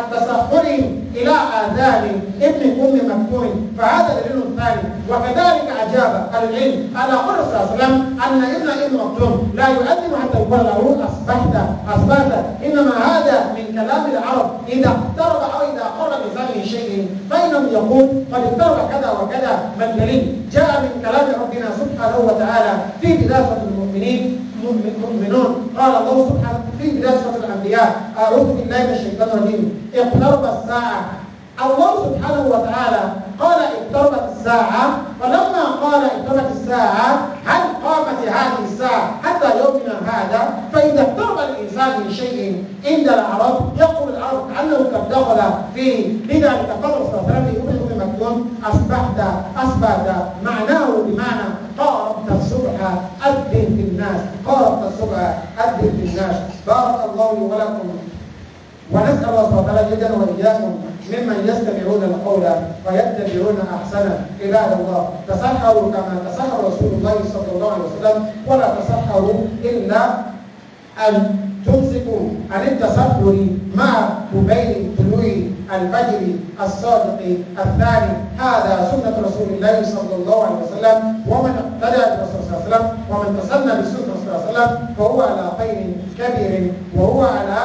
التسحر إلى آذان ابن أم مكتوم فهذا دليل ثاني وكذلك أجاب العلم على قول صلى الله عليه وسلم أن ابن أم مكتوم لا يؤذن حتى يقول له أصبحت أصبحت إنما هذا من كلام العرب إذا اقترب أو إذا قرب بفعل شيء فإنه يقول قد اقترب كذا وكذا ما الدليل جاء من كلام ربنا سبحانه وتعالى في بداية المؤمنين مؤمنون قال الله سبحانه في بداية الأنبياء أعوذ بالله من الشيطان الرجيم اقترب الساعة الله سبحانه وتعالى قال اقتربت الساعة ولما قال اقتربت الساعة هل قامت هذه الساعة حتى يومنا هذا فإذا اقترب الإنسان من شيء عند العرب يقول العرب كأنه قد دخل فيه لذلك قال صلى الله عليه مكتوم أصبحت أصبحت معناه بمعنى قاربت الصبح أذن في الناس قاربت الصبح أذن في الناس بارك الله لي ولكم ونسأل الله تعالى جدا وإياكم ممن يستمعون القول ويتبعون أحسنه عباد الله تسحروا كما تسحر رسول الله صلى الله عليه وسلم ولا تسحروا إلا أن تمسكوا عن التسحر مع قبيل طلوع الفجر الصادق الثاني هذا سنة رسول الله صلى الله عليه وسلم ومن اقتدى بالرسول صلى الله عليه وسلم ومن تسنى بالسنة صلى الله عليه وسلم فهو على خير كبير وهو على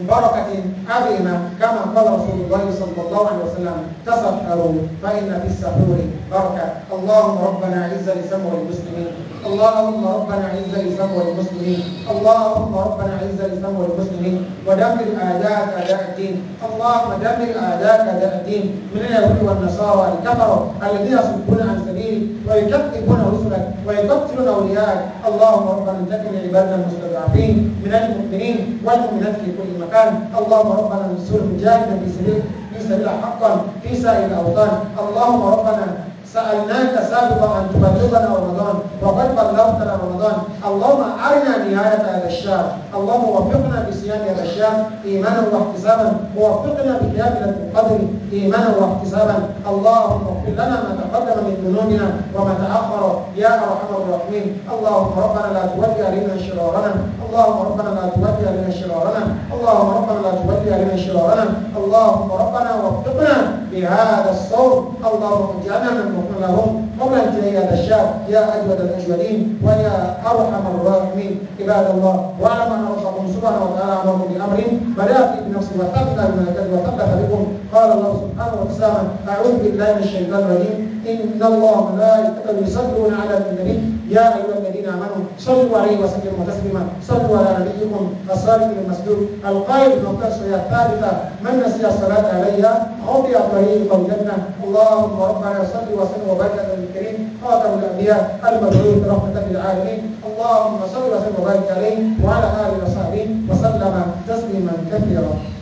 ببركة عظيمة كما قال رسول الله صلى الله عليه وسلم تسحروا فإن في السحور بركة اللهم ربنا أعز لسمو المسلمين اللهم ربنا أعز لسمو المسلمين اللهم ربنا أعز لسمو المسلمين ودمر أعداءك أعداء الدين اللهم دمر أعداءك أعداء الدين من اليهود والنصارى الكفر الذين يصدون عن سبيلك ويكذبون رسلك ويقتلون أولياءك اللهم ربنا انتقم لعبادنا المستضعفين من المؤمنين والمؤمنات في كل مكان الأركان اللهم ربنا انصر مجاهدا في سبيل في سبيل حقا في سائر الأوطان اللهم ربنا سألناك سابقا أن تبلغنا رمضان وقد بلغتنا رمضان اللهم أرنا نهاية هذا الشهر اللهم وفقنا بصيام هذا الشهر إيمانا واحتسابا ووفقنا بكاملة القدر إيمانا واحتسابا اللهم اغفر لنا ما تقدم من ذنوبنا وما تأخر يا أرحم الراحمين اللهم ربنا لا تولي علينا شرارنا اللهم ربنا لا تولي علينا شرارنا اللهم ربنا لا تولي علينا شرارنا اللهم ربنا وفقنا بهذا الصوم اللهم اجعلنا من واغفر لهم ومن إليه هذا الشاب يا أجود الأجودين ويا أرحم الراحمين عباد الله واعلم أن ربكم سبحانه وتعالى أمركم بأمر بدأت بنفسي وتبدأ من الكذب وتبدأ بكم قال الله سبحانه وتعالى أعوذ بالله من الشيطان الرجيم إن الله وملائكته يصلون على النبي يا أيها الذين آمنوا صلوا عليه وسلموا تسليما صلوا على نبيكم الصادق المسلوب القائل في الصلاة الثابتة من نسي الصلاة علي عطي طريق الجنة اللهم ربنا صل وسلم وبارك على الكريم خاتم الأنبياء المبعوث رحمة للعالمين اللهم صل وسلم وبارك عليه وعلى آله وصحبه وسلم تسليما كثيرا